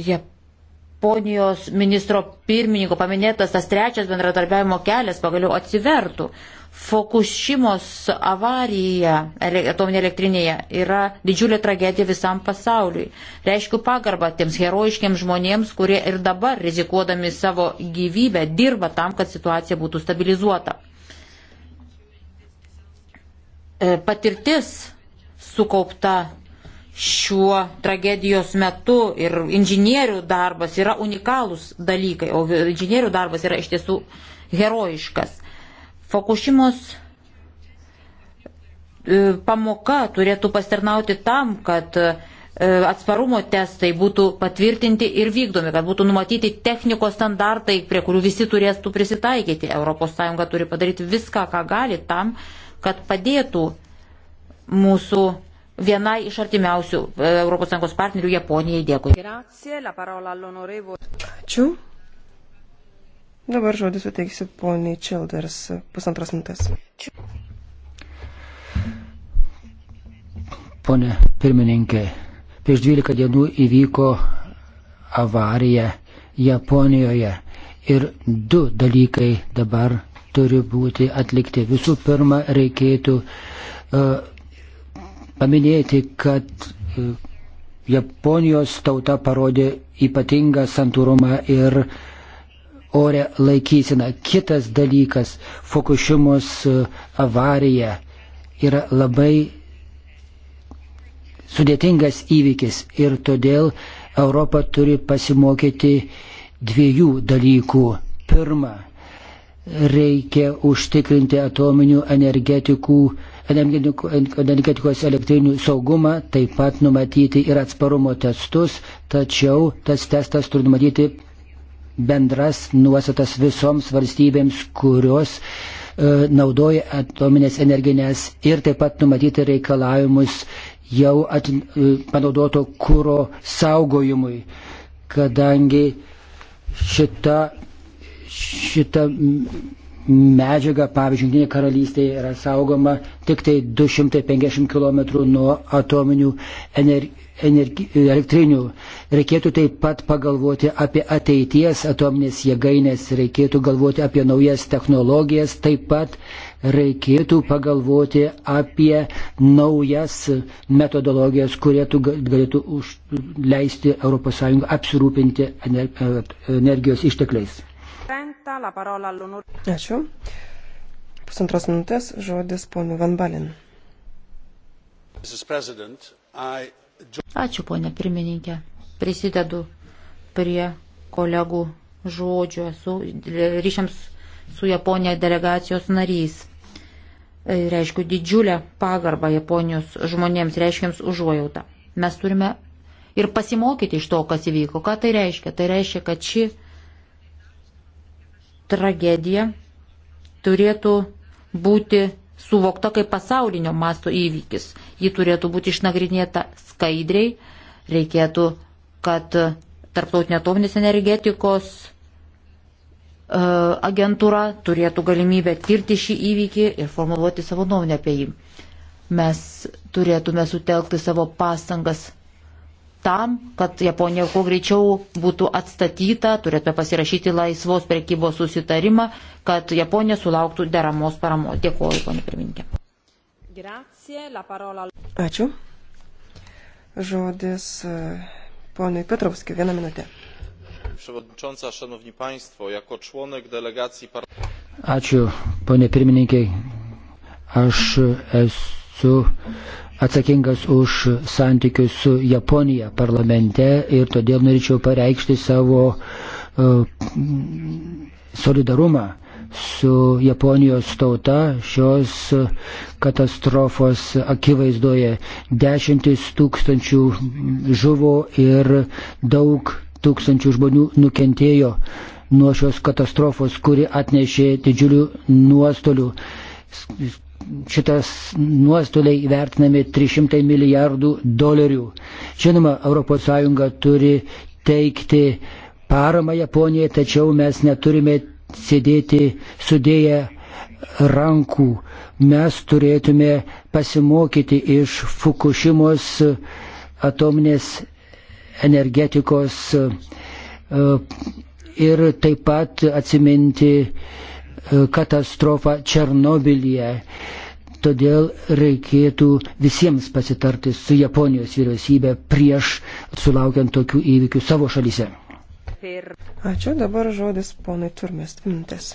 Japonijos ministro pirmininko paminėtas tas trečias bendradarbiavimo kelias pagaliau atsivertų. Fokušimos avarija atominė elektrinėje yra didžiulė tragedija visam pasauliui. Reiškiu pagarbą tiems herojiškiams žmonėms, kurie ir dabar rizikuodami savo gyvybę dirba tam, kad situacija būtų stabilizuota. E, patirtis sukaupta šiuo tragedijos metu ir inžinierių darbas yra unikalūs dalykai, o inžinierių darbas yra iš tiesų herojiškas. Fukushimos e, pamoka turėtų pastarnauti tam, kad e, atsparumo testai būtų patvirtinti ir vykdomi, kad būtų numatyti technikos standartai, prie kurių visi turėtų prisitaikyti. ES turi padaryti viską, ką gali tam, kad padėtų mūsų vienai iš artimiausių ES partnerių Japonijai. Dėkui. Ačiū. Dabar žodį suteiksiu poniai Childers pusantros minutės. Pone pirmininkė, prieš 12 dienų įvyko avarija Japonijoje ir du dalykai dabar turi būti atlikti. Visų pirma, reikėtų uh, paminėti, kad e, Japonijos tauta parodė ypatingą santūrumą ir orę laikysiną. Kitas dalykas - Fukushimos e, avarija yra labai sudėtingas įvykis ir todėl Europa turi pasimokyti dviejų dalykų. Pirma, reikia užtikrinti atominių energetikų energetikos elektrinių saugumą, taip pat numatyti ir atsparumo testus, tačiau tas testas turi numatyti bendras nuostatas visoms valstybėms, kurios e, naudoja atominės energinės ir taip pat numatyti reikalavimus jau at, e, panaudoto kūro saugojimui, kadangi šita, šita medžiaga, pavyzdžiui, Junktinė karalystė yra saugoma tik tai 250 km nuo atominių energi, energi, elektrinių. Reikėtų taip pat pagalvoti apie ateities atominės jėgainės, reikėtų galvoti apie naujas technologijas, taip pat reikėtų pagalvoti apie naujas metodologijas, kurie galėtų leisti ES apsirūpinti e, energijos ištekliais. Ačiū. Pusantros minutės žodis ponui Van Balin. Ačiū, ponė pirmininkė. Prisidedu prie kolegų žodžių. Esu e, ryšiams su Japonija delegacijos narys. E, reiškiu didžiulę pagarbą Japonijos žmonėms, reiškiams užuojautą. Mes turime ir pasimokyti iš to, kas įvyko. Ką tai reiškia? Tai reiškia, kad ši tragedija turėtų būti suvokta kaip pasaulinio masto įvykis. Ji turėtų būti išnagrinėta skaidriai, reikėtų, kad Tarptautinė atominės energetikos e, agentūra turėtų galimybę tirti šį įvykį ir formuluoti savo nuomonę apie jį. Mes turėtume sutelkti savo pastangas Tam, kad Japonija kuo greičiau būtų atstatyta, turėtume pasirašyti laisvos prekybos susitarimą, kad Japonija sulauktų deramos paramos. Dėkuoju, ponė pirmininkė. Ačiū. Žodis e, ponui Petrovskiu. Vieną minutę. Ačiū, ponė pirmininkė. Aš esu atsakingas už santykius su Japonija parlamente ir todėl norėčiau pareikšti savo uh, solidarumą su Japonijos tauta šios katastrofos akivaizdoje. Dešimtis tūkstančių žuvo ir daug tūkstančių žmonių nukentėjo nuo šios katastrofos, kuri atnešė didžiulių nuostolių šitas nuostoliai įvertinami 300 milijardų dolerių. Žinoma, ES turi teikti paramą Japonijai, tačiau mes neturime sėdėti sudėję rankų. Mes turėtume pasimokyti iš Fukushimos atominės energetikos e, ir taip pat atsiminti E, katastrofą Černobilyje. Todėl reikėtų visiems pasitarti su Japonijos vyriausybė prieš sulaukiant tokių įvykių savo šalyse. Ačiū, dabar žodis ponai Turmės minutės.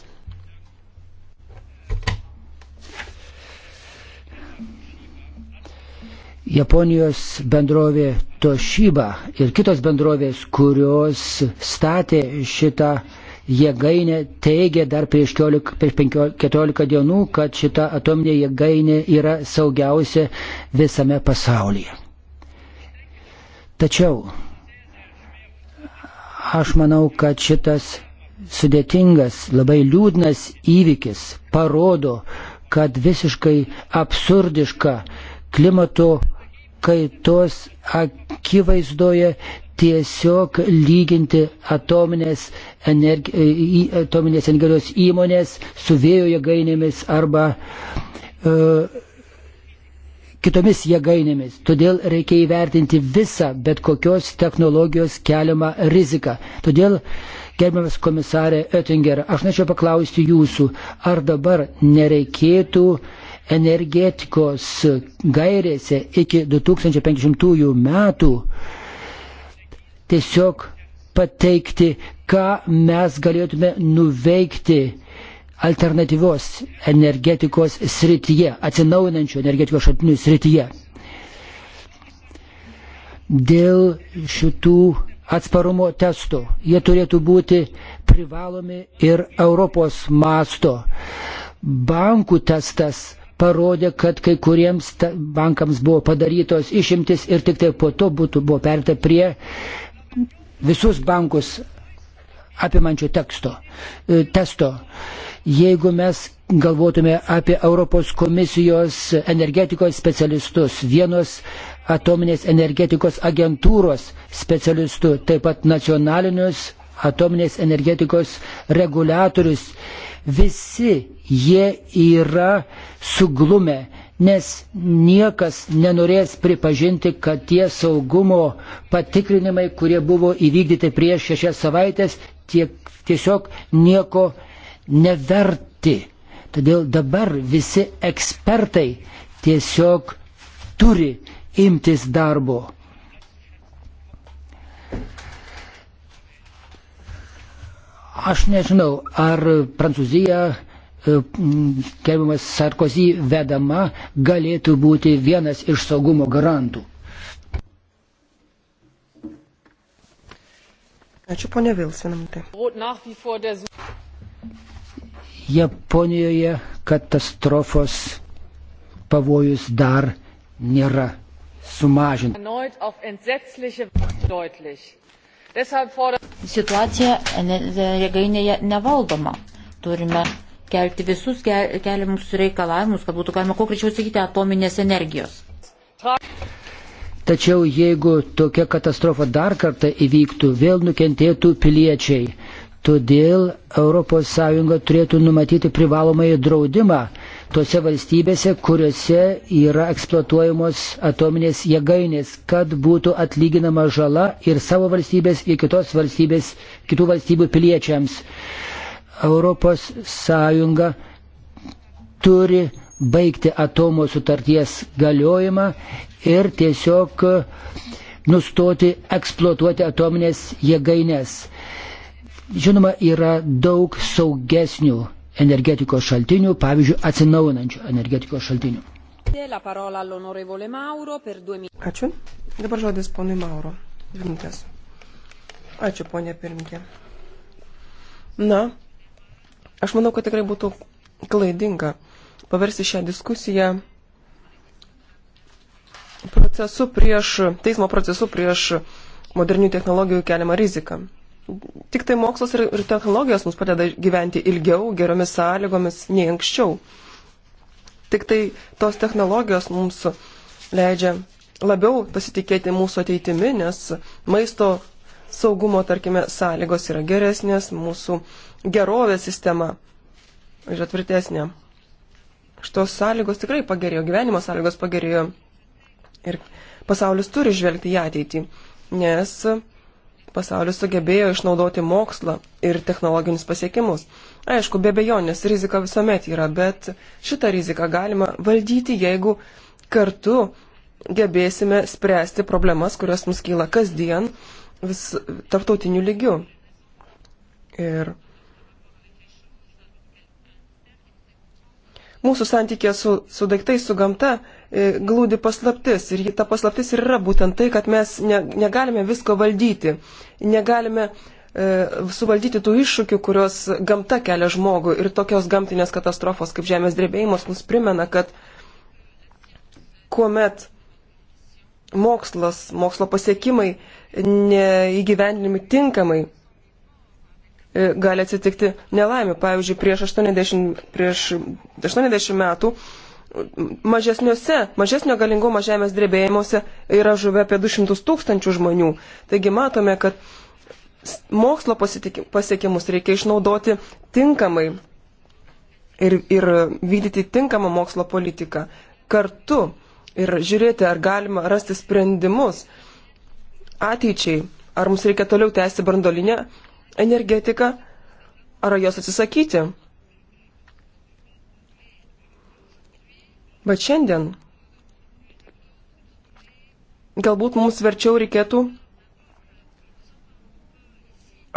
Japonijos bendrovė Toshiba ir kitos bendrovės, kurios statė šitą uh, jėgainė teigė dar prieš 14 dienų, kad šita atominė jėgainė yra saugiausia visame pasaulyje. Tačiau aš manau, kad šitas sudėtingas, labai liūdnas įvykis parodo, kad visiškai absurdiška klimato kaitos akivaizdoje tiesiog lyginti atominės, energi, atominės energijos įmonės su vėjo jėgainėmis arba uh, kitomis jėgainėmis. Todėl reikia įvertinti visą bet kokios technologijos keliamą riziką. Todėl, gerbiamas komisarė Oettinger, aš norėčiau paklausti jūsų, ar dabar nereikėtų energetikos gairėse iki 2050 metų uh, tiesiog pateikti, ką mes galėtume nuveikti alternatyvios energetikos srityje, atsinaujinančių energetikos šaltinių srityje. Dėl šitų atsparumo testų. Jie turėtų būti privalomi ir Europos masto. Bankų testas parodė, kad kai kuriems bankams buvo padarytos išimtis ir tik tai po to būtų, buvo perta prie visus bankus apimančio teksto, e, testo. Jeigu mes galvotume apie Europos komisijos energetikos specialistus, vienos atominės energetikos agentūros specialistų, taip pat nacionalinius atominės energetikos reguliatorius, visi jie yra suglumę nes niekas nenorės pripažinti, kad tie saugumo patikrinimai, kurie buvo įvykdyti prieš šešias savaitės, tiek, tiesiog nieko neverti. Todėl dabar visi ekspertai tiesiog turi imtis darbo. Aš nežinau, ar Prancūzija E, gerbiamas Sarkozy vedama galėtų būti vienas iš saugumo garantų. Ačiū ponia Vilsinamte. Japonijoje katastrofos pavojus dar nėra sumažintas. Situacija jėgainėje nevaldoma. Turime kelti visus keliamus reikalavimus, kad būtų galima kuo greičiau sakyti atominės energijos. Tačiau jeigu tokia katastrofa dar kartą įvyktų, vėl nukentėtų piliečiai. Todėl ES turėtų numatyti privalomąjį draudimą tose valstybėse, kuriuose yra eksploatuojamos atominės jėgainės, kad būtų atlyginama žala ir savo valstybės, ir kitos valstybės, kitų valstybių piliečiams. Europos Sąjunga turi baigti atomo sutarties galiojimą ir tiesiog e, nustoti eksploatuoti atominės jėgainės. Žinoma, yra daug saugesnių energetikos šaltinių, pavyzdžiui, atsinaunančių energetikos šaltinių. Ačiū. Dabar žodis ponui Mauro. Dvi minutės. Ačiū, ponė pirmininkė. Na, Aš manau, kad tikrai būtų klaidinga paversti šią diskusiją procesu prieš, teismo procesu prieš modernių technologijų keliamą riziką. Tik tai mokslas ir, ir technologijos mums padeda gyventi ilgiau, geromis sąlygomis nei anksčiau. Tik tai tos technologijos mums leidžia labiau pasitikėti mūsų ateitimi, nes maisto saugumo, tarkime, sąlygos yra geresnės, mūsų uh, gerovės sistema yra tvirtesnė. Šitos sąlygos tikrai pagerėjo, gyvenimo sąlygos pagerėjo. Ir pasaulis turi žvelgti į ateitį, nes pasaulis sugebėjo išnaudoti mokslą ir technologinius pasiekimus. Aišku, be bejonės rizika visuomet yra, bet šitą riziką galima valdyti, jeigu kartu gebėsime spręsti problemas, kurios mums kyla kasdien vis tarptautiniu lygiu. Ir mūsų santykė su, su daiktais, su gamta e, glūdi paslaptis. Ir ta paslaptis ir yra būtent tai, kad mes ne, negalime visko valdyti. Negalime e, suvaldyti tų iššūkių, kurios gamta kelia žmogų ir tokios gamtinės katastrofos kaip žemės drebėjimas mus primena, kad kuomet mokslas, mokslo pasiekimai neįgyvendinami tinkamai, E, gali atsitikti nelaimė. Pavyzdžiui, prieš 80, prieš 80 metų mažesniuose, mažesnio galingumo žemės drebėjimuose yra žuvę apie 200 tūkstančių žmonių. Taigi matome, kad mokslo pasiekimus reikia išnaudoti tinkamai ir, ir vykdyti tinkamą mokslo politiką kartu ir žiūrėti, ar galima rasti sprendimus ateičiai, ar mums reikia toliau tęsti brandolinę energetiką ar jos atsisakyti. Bet šiandien galbūt mums verčiau reikėtų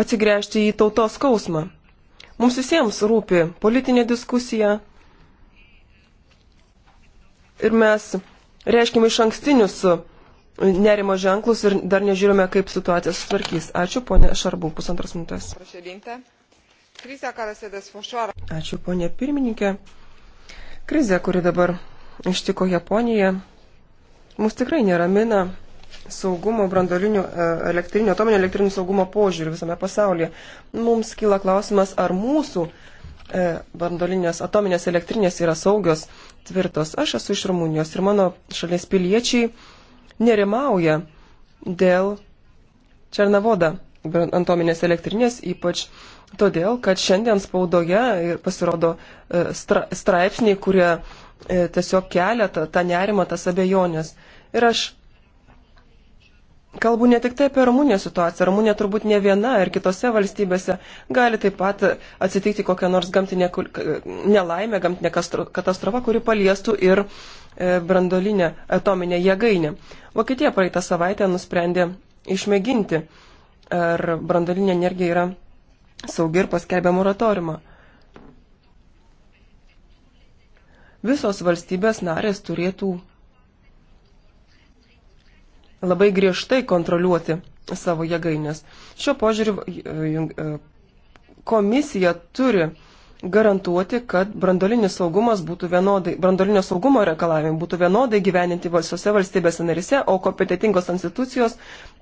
atsigręžti į tautos skausmą. Mums visiems rūpi politinė diskusija ir mes reiškime iš ankstinius nerimo ženklus ir dar nežiūrime, kaip situacija sutvarkys. Ačiū, ponė Šarbu, pusantros minutės. Ačiū, ponė pirmininkė. Krizė, kuri dabar ištiko Japoniją, mus tikrai neramina saugumo brandolinių e, elektrinių, atominio elektrinių saugumo požiūrių visame pasaulyje. Mums kyla klausimas, ar mūsų e, brandolinės atominės elektrinės yra saugios, tvirtos. Aš esu iš Rumunijos ir mano šalies piliečiai nerimauja dėl Černavoda antominės elektrinės, ypač todėl, kad šiandien spaudoje pasirodo e, stra, straipsniai, kurie e, tiesiog kelia tą, tą nerimą, tas abejonės. Ir aš kalbu ne tik tai apie Rumunijos situaciją. Rumunija turbūt ne viena ir kitose valstybėse gali taip pat atsitikti kokią nors gamtinę nelaimę, gamtinę katastrofa, kuri paliestų ir uh, E, brandolinę atominę jėgainę. Vokietija praeitą savaitę nusprendė išmėginti, ar brandolinė energija yra saugi ir paskelbė moratoriumą. Visos valstybės narės turėtų labai griežtai kontroliuoti savo jėgainės. Šio požiūriu e, e, komisija turi garantuoti, kad brandolinis saugumas būtų vienodai, brandolinio saugumo reikalavimai būtų vienodai gyveninti visose valstybėse narise, o kompetitingos institucijos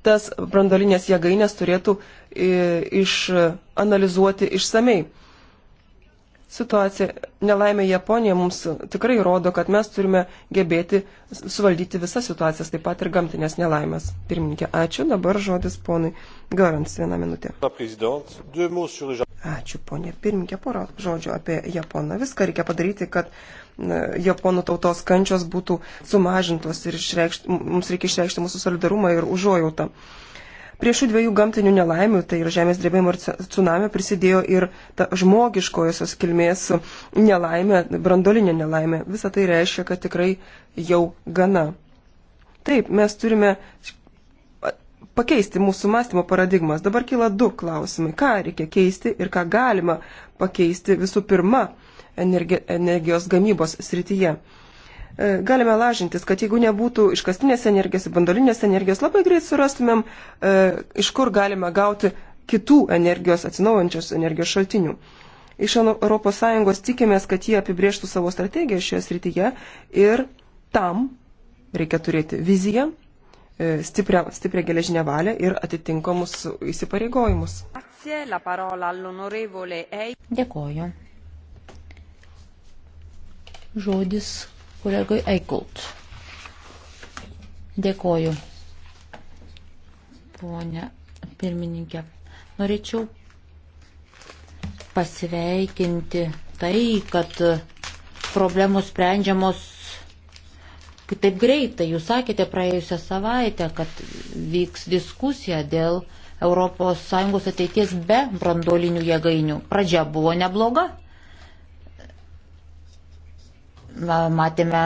tas brandolinės jėgainės turėtų e, išanalizuoti išsamei situacija nelaimė Japonija mums tikrai rodo, kad mes turime gebėti suvaldyti visas situacijas, taip pat ir gamtinės nelaimės. Pirmininkė, ačiū. Dabar žodis ponui Garants vieną minutę. Ačiū, ponė pirmininkė, porą žodžių apie Japoną. Viską reikia padaryti, kad Japonų tautos kančios būtų sumažintos ir išreikšti, mums reikia išreikšti mūsų solidarumą ir užuojautą. Uh, Prie šių dviejų gamtinių nelaimių, tai ir žemės drebėjimo ir tsunamio, prisidėjo ir ta žmogiškojosios kilmės nelaimė, brandolinė nelaimė. Visą tai reiškia, kad tikrai jau gana. Taip, mes turime pakeisti mūsų mąstymo paradigmas. Dabar kyla du klausimai. Ką reikia keisti ir ką galima pakeisti visų pirma energi, energijos gamybos srityje. E, galime lažintis, kad jeigu nebūtų iškastinės energijos ir bandolinės energijos, labai greit surastumėm, e, iš kur galime gauti kitų energijos, atsinaujančios energijos šaltinių. Iš ES tikimės, kad jie apibrieštų savo strategiją šioje srityje ir tam reikia turėti viziją, e, stiprią, stiprią geležinę valią ir atitinkamus įsipareigojimus. Dėkoju. Žodis kolegui Eikult. Dėkoju, ponė pirmininkė. Norėčiau pasveikinti tai, kad problemos sprendžiamos taip greitai. Jūs sakėte praėjusią savaitę, kad vyks diskusija dėl ES ateities be brandolinių jėgainių. Pradžia buvo nebloga matėme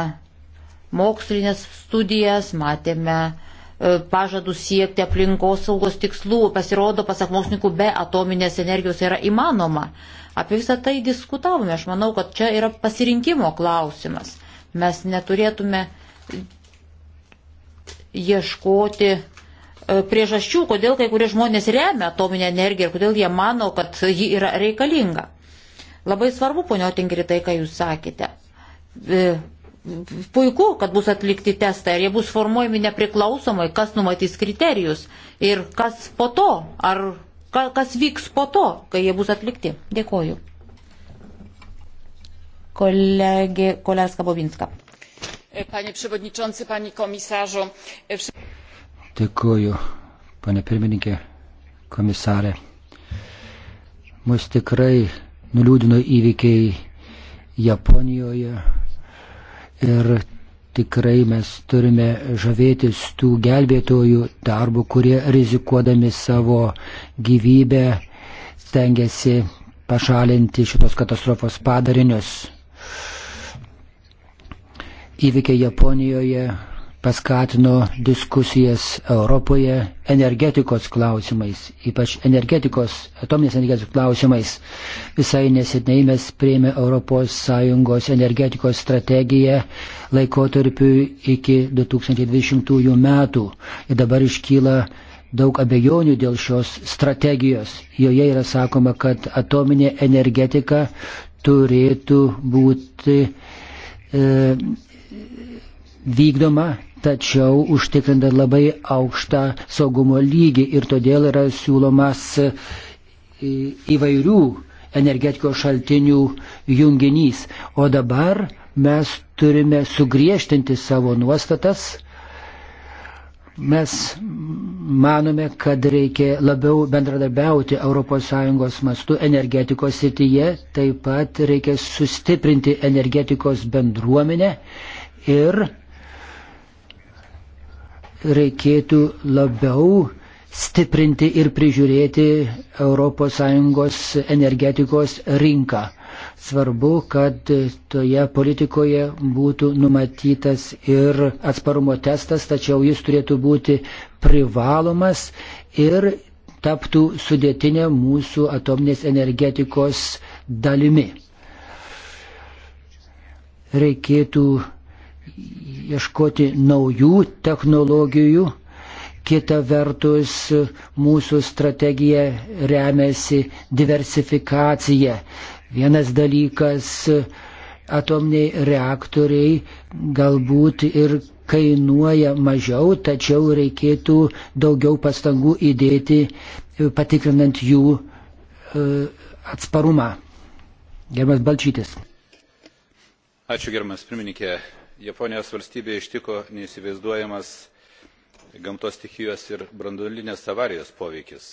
mokslinės studijas, matėme e, pažadus siekti aplinkos saugos tikslų, pasirodo, pasak mokslininkų, be atominės energijos yra įmanoma. Apie visą tai diskutavome. Aš manau, kad čia yra pasirinkimo klausimas. Mes neturėtume ieškoti e, priežasčių, kodėl kai kurie žmonės remia atominę energiją ir kodėl jie mano, kad ji yra reikalinga. Labai svarbu, ponio Tinkri, tai, ką jūs sakėte. E, puiku, kad bus atlikti testai, ar jie bus formuojami nepriklausomai, kas numatys kriterijus ir kas po to, ar kas vyks po to, kai jie bus atlikti. Dėkoju. Kolegė Koleska Bobinska. E, panie Przewodniczący, Panie Komisarzu. E, Dėkuoju, Pane Pirmininkė, Komisarė. Mus tikrai nuliūdino įvykiai Japonijoje, Ir tikrai mes turime žavėtis tų gelbėtojų darbų, kurie rizikuodami savo gyvybę stengiasi pašalinti šitos katastrofos padarinius. Įvykiai Japonijoje paskatino diskusijas Europoje energetikos klausimais, ypač energetikos, atominės energetikos klausimais. Visai neseniai mes prieimė ES energetikos strategiją laikotarpiu iki 2020 metų. Ir dabar iškyla daug abejonių dėl šios strategijos. Joje yra sakoma, kad atominė energetika turėtų būti e, vykdoma tačiau užtikrinta labai aukštą saugumo lygį ir todėl yra siūlomas e, įvairių energetikos šaltinių junginys. O dabar mes turime sugriežtinti savo nuostatas. Mes manome, kad reikia labiau bendradarbiauti ES mastu energetikos srityje, taip pat reikia sustiprinti energetikos bendruomenę ir reikėtų labiau stiprinti ir prižiūrėti ES energetikos rinką. Svarbu, kad toje politikoje būtų numatytas ir atsparumo testas, tačiau jis turėtų būti privalomas ir taptų sudėtinė mūsų atominės energetikos dalimi. Reikėtų ieškoti naujų technologijų. Kita vertus, mūsų strategija remiasi diversifikacija. Vienas dalykas - atominiai reaktoriai galbūt ir kainuoja mažiau, tačiau reikėtų daugiau pastangų įdėti e, patikrinant jų e, atsparumą. Gerbiamas Balčytis. Ačiū, gerbiamas pirmininkė japonijos valstybę ištiko neįsivaizduojamas gamtos stichijos ir branduolinės avarijos poveikis.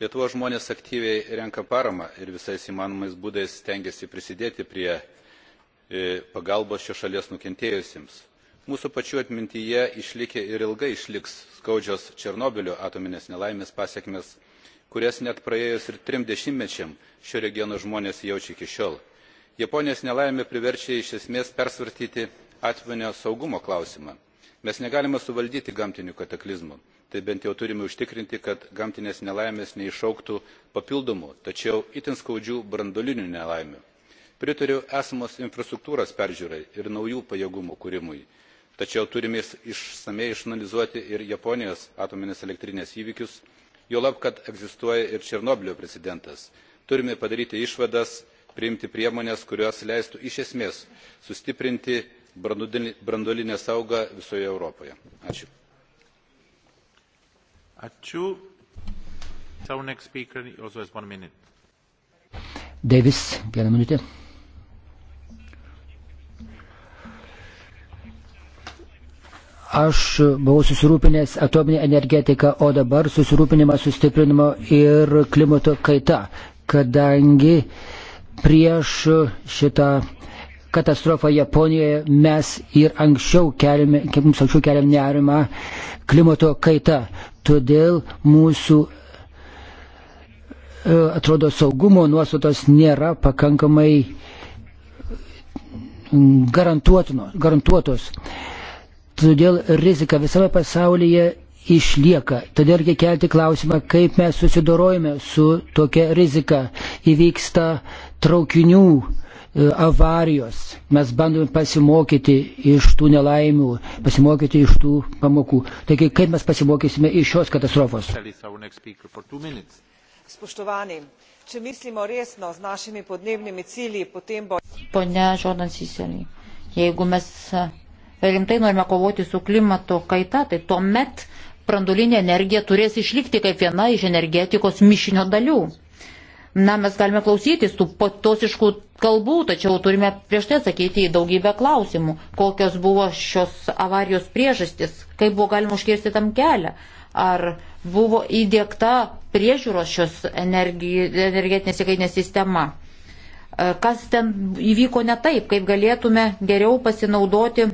lietuvos žmonės aktyviai renka paramą ir visais įmanomais būdais stengiasi prisidėti prie e, pagalbos šios šalies nukentėjusiems. mūsų pačių atmintyje išlikę ir ilgai išliks skaudžios černobylio atominės nelaimės pasekmės kurias net praėjus ir trims dešimtmečiams šio regiono žmonės jaučia iki šiol. japonijos nelaimė priverčia iš esmės persvarstyti atminio saugumo klausimą. Mes negalime suvaldyti gamtinių kataklizmų, tai bent jau turime užtikrinti, kad gamtinės nelaimės neišauktų papildomų, tačiau itin skaudžių brandolinių nelaimių. Pritariu esamos infrastruktūros peržiūrai ir naujų pajėgumų kūrimui. Tačiau turime išsamei išanalizuoti ir Japonijos atominės elektrinės įvykius, juolab, kad egzistuoja ir Černobilio precedentas. Turime padaryti išvadas, priimti priemonės, kurios leistų iš esmės sustiprinti branduolinę saugą visoje Europoje. Ačiū. Ačiū. Our next speaker also has one minute. Davis, vieną minutę. Aš buvau susirūpinęs atominė energetika, o dabar susirūpinimą sustiprinimo ir klimato kaita, kadangi prieš šitą katastrofą Japonijoje mes ir anksčiau keliame, kaip mums anksčiau keliam nerimą, klimato kaita. Todėl mūsų e, atrodo saugumo nuostatos nėra pakankamai garantuotos. Todėl rizika visame pasaulyje išlieka. Todėl reikia kelti klausimą, kaip mes susidorojame su tokia rizika. Įvyksta traukinių E, avarijos. Mes bandome pasimokyti iš tų nelaimių, pasimokyti iš tų pamokų. Taigi, kaip mes pasimokysime iš šios katastrofos? Spoštovani, če mislimo resno z našimi podnebnimi cilji, potem bo. Pone Žodan Siselį, jeigu mes e, rimtai norime kovoti su klimato kaita, tai tuomet brandulinė energija turės išlikti kaip viena iš energetikos mišinio dalių Na, mes galime klausytis tų patosiškų kalbų, tačiau turime prieš tai atsakyti į daugybę klausimų, kokios buvo šios avarijos priežastis, kaip buvo galima užkirsti tam kelią, ar buvo įdėkta priežiūros šios energi, energetinės įkainės sistema, e, kas ten įvyko ne taip, kaip galėtume geriau pasinaudoti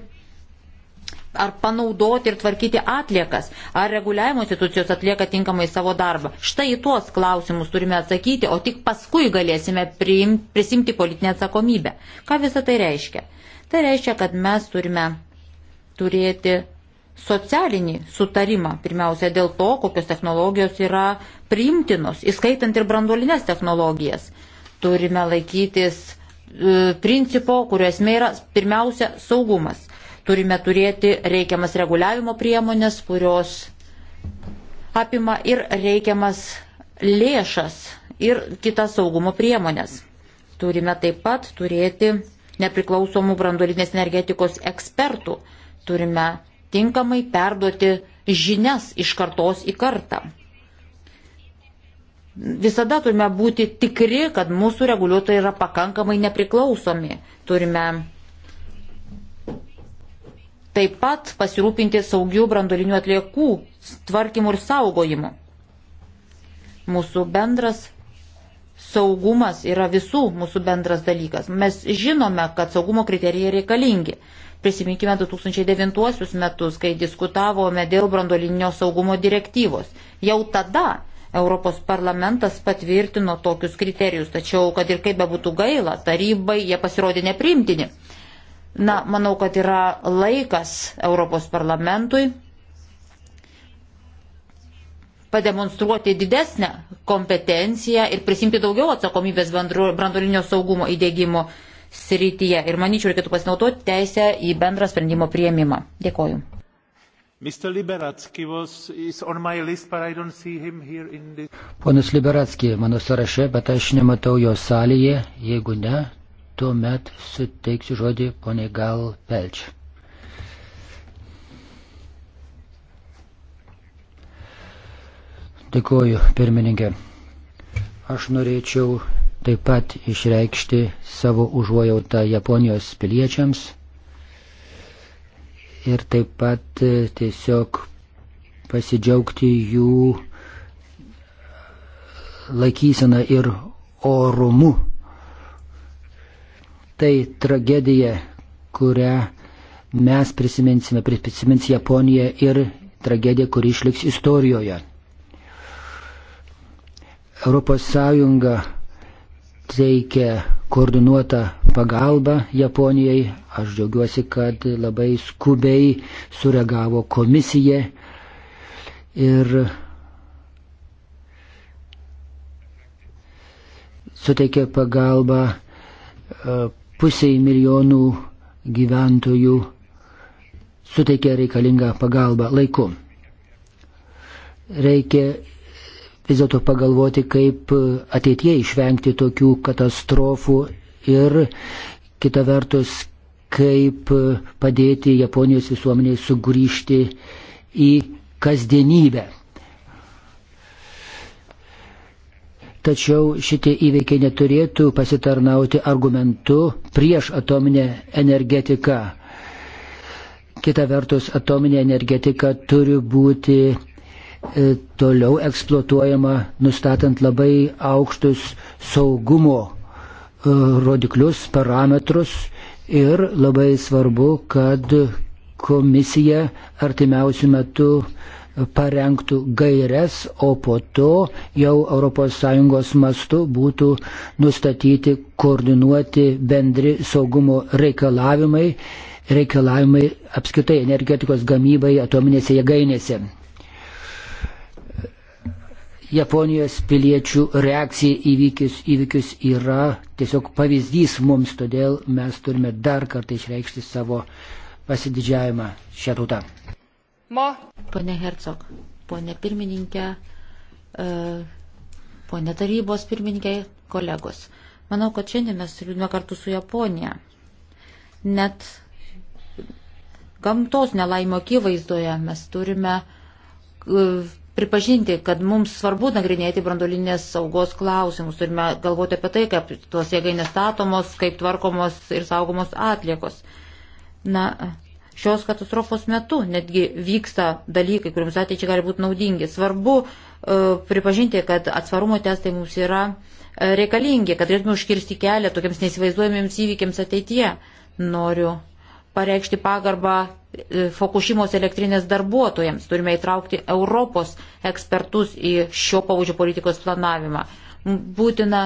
ar panaudoti ir tvarkyti atliekas, ar reguliavimo institucijos atlieka tinkamai savo darbą. Štai į tuos klausimus turime atsakyti, o tik paskui galėsime priim, prisimti politinę atsakomybę. Ką visą tai reiškia? Tai reiškia, kad mes turime turėti socialinį sutarimą, pirmiausia dėl to, kokios technologijos yra priimtinos, įskaitant ir branduolinės technologijas. Turime laikytis e, principo, kurio esmė yra pirmiausia saugumas. Turime turėti reikiamas reguliavimo priemonės, kurios apima ir reikiamas lėšas ir kitas saugumo priemonės. Turime taip pat turėti nepriklausomų brandolinės energetikos ekspertų. Turime tinkamai perduoti žinias iš kartos į kartą. Visada turime būti tikri, kad mūsų reguliuotojai yra pakankamai nepriklausomi. Turime taip pat pasirūpinti saugių brandolinių atliekų tvarkymų ir saugojimų. Mūsų bendras saugumas yra visų mūsų bendras dalykas. Mes žinome, kad saugumo kriterijai reikalingi. Prisiminkime 2009 metus, kai diskutavome dėl brandolinio saugumo direktyvos. Jau tada Europos parlamentas patvirtino tokius kriterijus, tačiau, kad ir kaip bebūtų gaila, tarybai jie pasirodė neprimtini. Na, manau, kad yra laikas Europos parlamentui pademonstruoti didesnę kompetenciją ir prisimti daugiau atsakomybės branduolinio saugumo įdėgymo srityje. Ir manyčiau, reikėtų pasinaudoti teisę į bendrą sprendimo prieimimą. Dėkoju. Was, list, this... Ponas Liberatski mano sąraše, bet aš nematau jo salėje. Jeigu ne, Tuomet suteiksiu žodį poniai Gal Pelč. Dėkuoju, pirmininkė. Aš norėčiau taip pat išreikšti savo užuojautą Japonijos piliečiams ir taip pat e, tiesiog pasidžiaugti jų laikyseną ir orumu tai tragedija, kurią mes prisiminsime, prisimins Japoniją ir tragediją, kuri išliks istorijoje. ES teikia koordinuotą pagalbą Japonijai. Aš džiaugiuosi, kad labai skubiai sureagavo komisija ir suteikė pagalbą e, pusiai milijonų gyventojų suteikia reikalingą pagalbą laiku. Reikia vis dėlto pagalvoti, kaip ateitie išvengti tokių katastrofų ir kita vertus, kaip padėti Japonijos visuomeniai sugrįžti į kasdienybę. Tačiau šitie įveikiai neturėtų pasitarnauti argumentu prieš atominę energetiką. Kita vertus, atominė energetika turi būti e, toliau eksploatuojama, nustatant labai aukštus saugumo e, rodiklius, parametrus ir labai svarbu, kad komisija artimiausių metų parengtų gairias, o po to jau ES mastu būtų nustatyti, koordinuoti bendri saugumo reikalavimai, reikalavimai apskritai energetikos gamybai atominėse jėgainėse. Japonijos piliečių reakcija įvykius, įvykius yra tiesiog pavyzdys mums, todėl mes turime dar kartą išreikšti savo pasididžiavimą šią tautą. Ma. Pone Hercog, pone pirmininkė, e, pone tarybos pirmininkė, kolegos. Manau, kad šiandien mes liūdime kartu su Japonija. Net gamtos nelaimo akivaizdoje mes turime e, pripažinti, kad mums svarbu nagrinėti brandolinės saugos klausimus. Turime galvoti apie tai, kaip tuos jėgainės statomos, kaip tvarkomos ir saugomos atliekos. Na, šios katastrofos metu netgi vyksta dalykai, kuriems ateičiai gali būti naudingi. Svarbu e, pripažinti, kad atsvarumo testai mums yra e, reikalingi, kad turėtume užkirsti kelią tokiems neįsivaizduojamiems įvykiams ateityje. Noriu pareikšti pagarbą e, Fukushimos elektrinės darbuotojams. Turime įtraukti Europos ekspertus į šio pavūdžio politikos planavimą. Būtina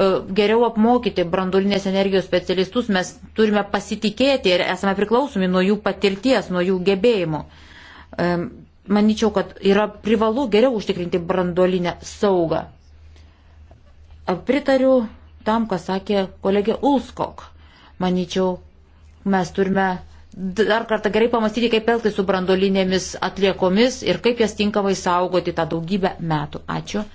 E, geriau apmokyti brandulinės energijos specialistus, mes turime pasitikėti ir esame priklausomi nuo jų patirties, nuo jų gebėjimų. E, Maničiau, kad yra privalu geriau užtikrinti branduolinę saugą. E, pritariu tam, ką sakė kolegė Ulskok. Maničiau, mes turime dar kartą gerai pamastyti, kaip elgtis su brandolinėmis atliekomis ir kaip jas tinkamai saugoti tą daugybę metų. Ačiū.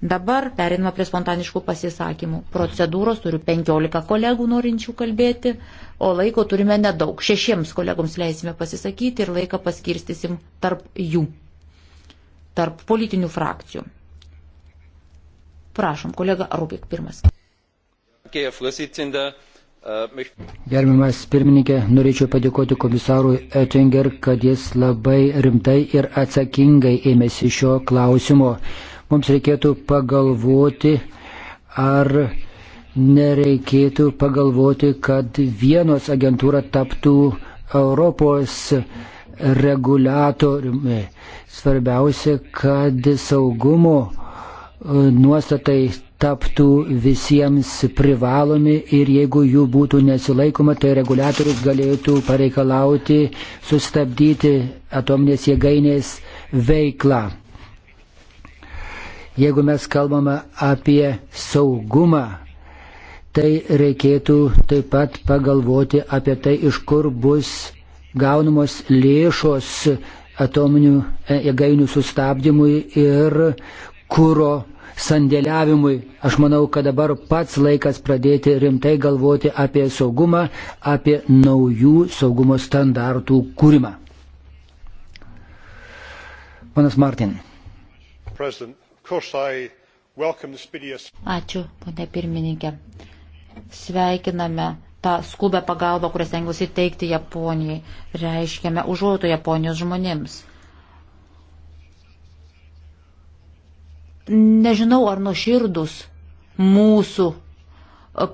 Dabar periname prie spontaniškų pasisakymų. Procedūros turiu 15 kolegų norinčių kalbėti, o laiko turime nedaug. Šešiems kolegoms leisime pasisakyti ir laiką paskirstysim tarp jų, tarp politinių frakcijų. Prašom, kolega Rubik pirmas. Gerbiamas pirmininkė, norėčiau padėkoti komisarui Ettinger, kad jis labai rimtai ir atsakingai ėmėsi šio klausimo mums reikėtų pagalvoti, ar nereikėtų pagalvoti, kad vienos agentūra taptų Europos reguliatoriumi. Svarbiausia, kad saugumo e, nuostatai taptų visiems privalomi ir jeigu jų būtų nesilaikoma, tai reguliatorius galėtų pareikalauti sustabdyti atominės jėgainės veiklą. Jeigu mes kalbame apie saugumą, tai reikėtų taip pat pagalvoti apie tai, iš kur bus gaunamos lėšos atominių e, jėgainių sustabdymui ir kūro sandėliavimui. Aš manau, kad dabar pats laikas pradėti rimtai galvoti apie saugumą, apie naujų saugumo standartų kūrimą. Panas Martin. President. Ačiū, ponė pirmininkė. Sveikiname tą skubę pagalbą, kurią stengiuosi teikti Japonijai. Reiškiame užuotų Japonijos žmonėms. Nežinau, ar nuoširdus mūsų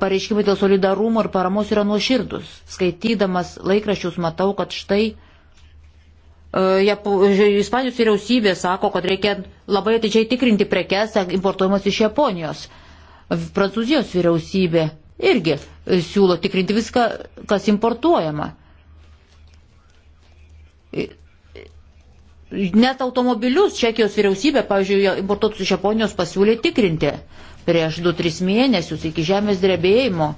pareiškimai dėl solidarumo ir paramos yra nuoširdus. Skaitydamas laikraščius matau, kad štai E, e, Ispanijos vyriausybė sako, kad reikia labai atidžiai tikrinti prekes e, importuojamas iš Japonijos. Prancūzijos vyriausybė irgi siūlo tikrinti viską, kas importuojama. Net automobilius Čekijos vyriausybė, pavyzdžiui, importuotus iš Japonijos pasiūlė tikrinti prieš 2-3 mėnesius iki žemės drebėjimo.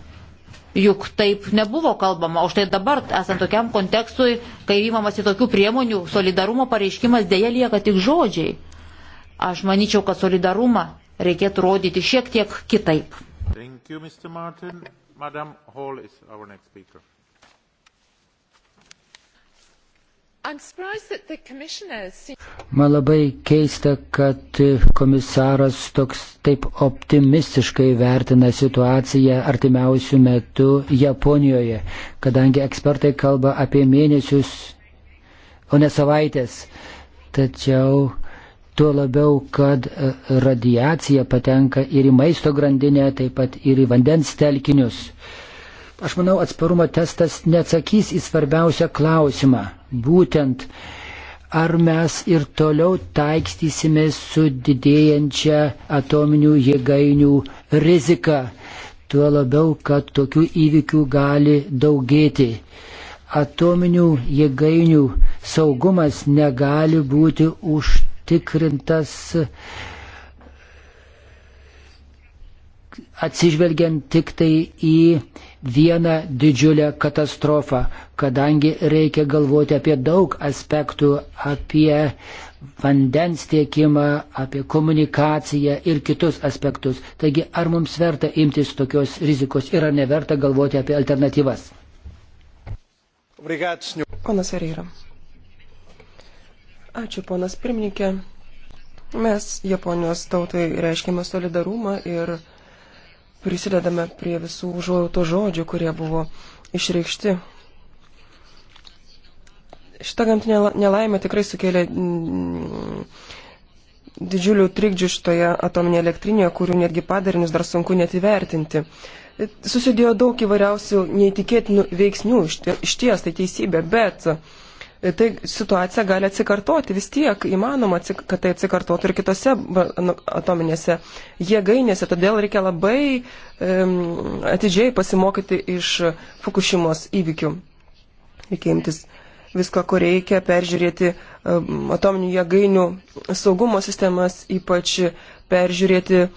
Juk taip nebuvo kalbama, o štai dabar, esant tokiam kontekstui, kai įmamasi tokių priemonių, solidarumo pareiškimas dėja lieka tik žodžiai. Aš manyčiau, kad solidarumą reikėtų rodyti šiek tiek kitaip. Thank you, Mr. Martin. Madam Hall is our next speaker. Man labai keista, kad komisaras toks taip optimistiškai vertina situaciją artimiausių metų Japonijoje, kadangi ekspertai kalba apie mėnesius, o ne savaitės. Tačiau tuo labiau, kad e, radiacija patenka ir į maisto grandinę, taip pat ir į vandens telkinius. Aš manau, atsparumo testas neatsakys į svarbiausią klausimą Būtent ar mes ir toliau taikstysime su didėjančia atominių jėgainių rizika, tuo labiau, kad tokių įvykių gali daugėti. Atominių jėgainių saugumas negali būti užtikrintas atsižvelgiant tik tai į vieną didžiulę katastrofą, kadangi reikia galvoti apie daug aspektų, apie vandens tiekimą, apie komunikaciją ir kitus aspektus. Taigi, ar mums verta imtis tokios rizikos ir ar neverta galvoti apie alternatyvas? Ponas Ereira. Ačiū, ponas pirmininkė. Mes Japonijos tautai reiškėme solidarumą ir prisidedame prie visų užuojauto žodžių, kurie buvo išreikšti. Šitą gamtinę nelaimę tikrai sukėlė mm, didžiulių trikdžių šitoje atominėje elektrinėje, kurių netgi padarinius dar sunku net įvertinti. Susidėjo daug įvairiausių neįtikėtinų veiksnių, iš ties tai teisybė, bet E, tai situacija gali atsikartoti, vis tiek įmanoma, kad tai atsikartotų ir kitose nu, atominėse jėgainėse, todėl reikia labai um, atidžiai pasimokyti iš Fukushimos įvykių. Reikia imtis visko, ko reikia, peržiūrėti um, atominių jėgainių saugumo sistemas, ypač peržiūrėti um,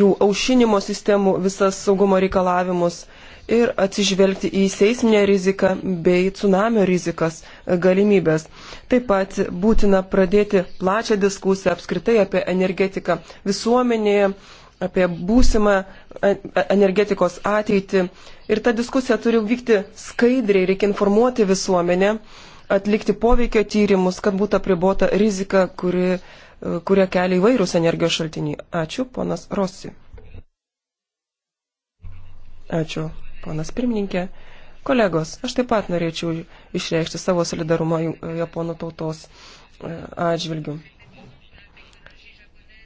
jų aušinimo sistemų visas saugumo reikalavimus. Um, ir atsižvelgti į seisminę riziką bei tsunamio rizikas galimybės. Taip pat būtina pradėti plačią diskusiją apskritai apie energetiką visuomenėje, apie būsimą e, e, energetikos ateitį. Ir ta diskusija turi vykti skaidriai, reikia informuoti visuomenę, atlikti poveikio tyrimus, kad būtų apribota rizika, kuri, e, kurie kelia įvairūs energijos šaltiniai. Ačiū, ponas Rossi. Ačiū, ponas pirmininkė. Kolegos, aš taip pat norėčiau išreikšti savo solidarumą e, Japonų tautos e, atžvilgių.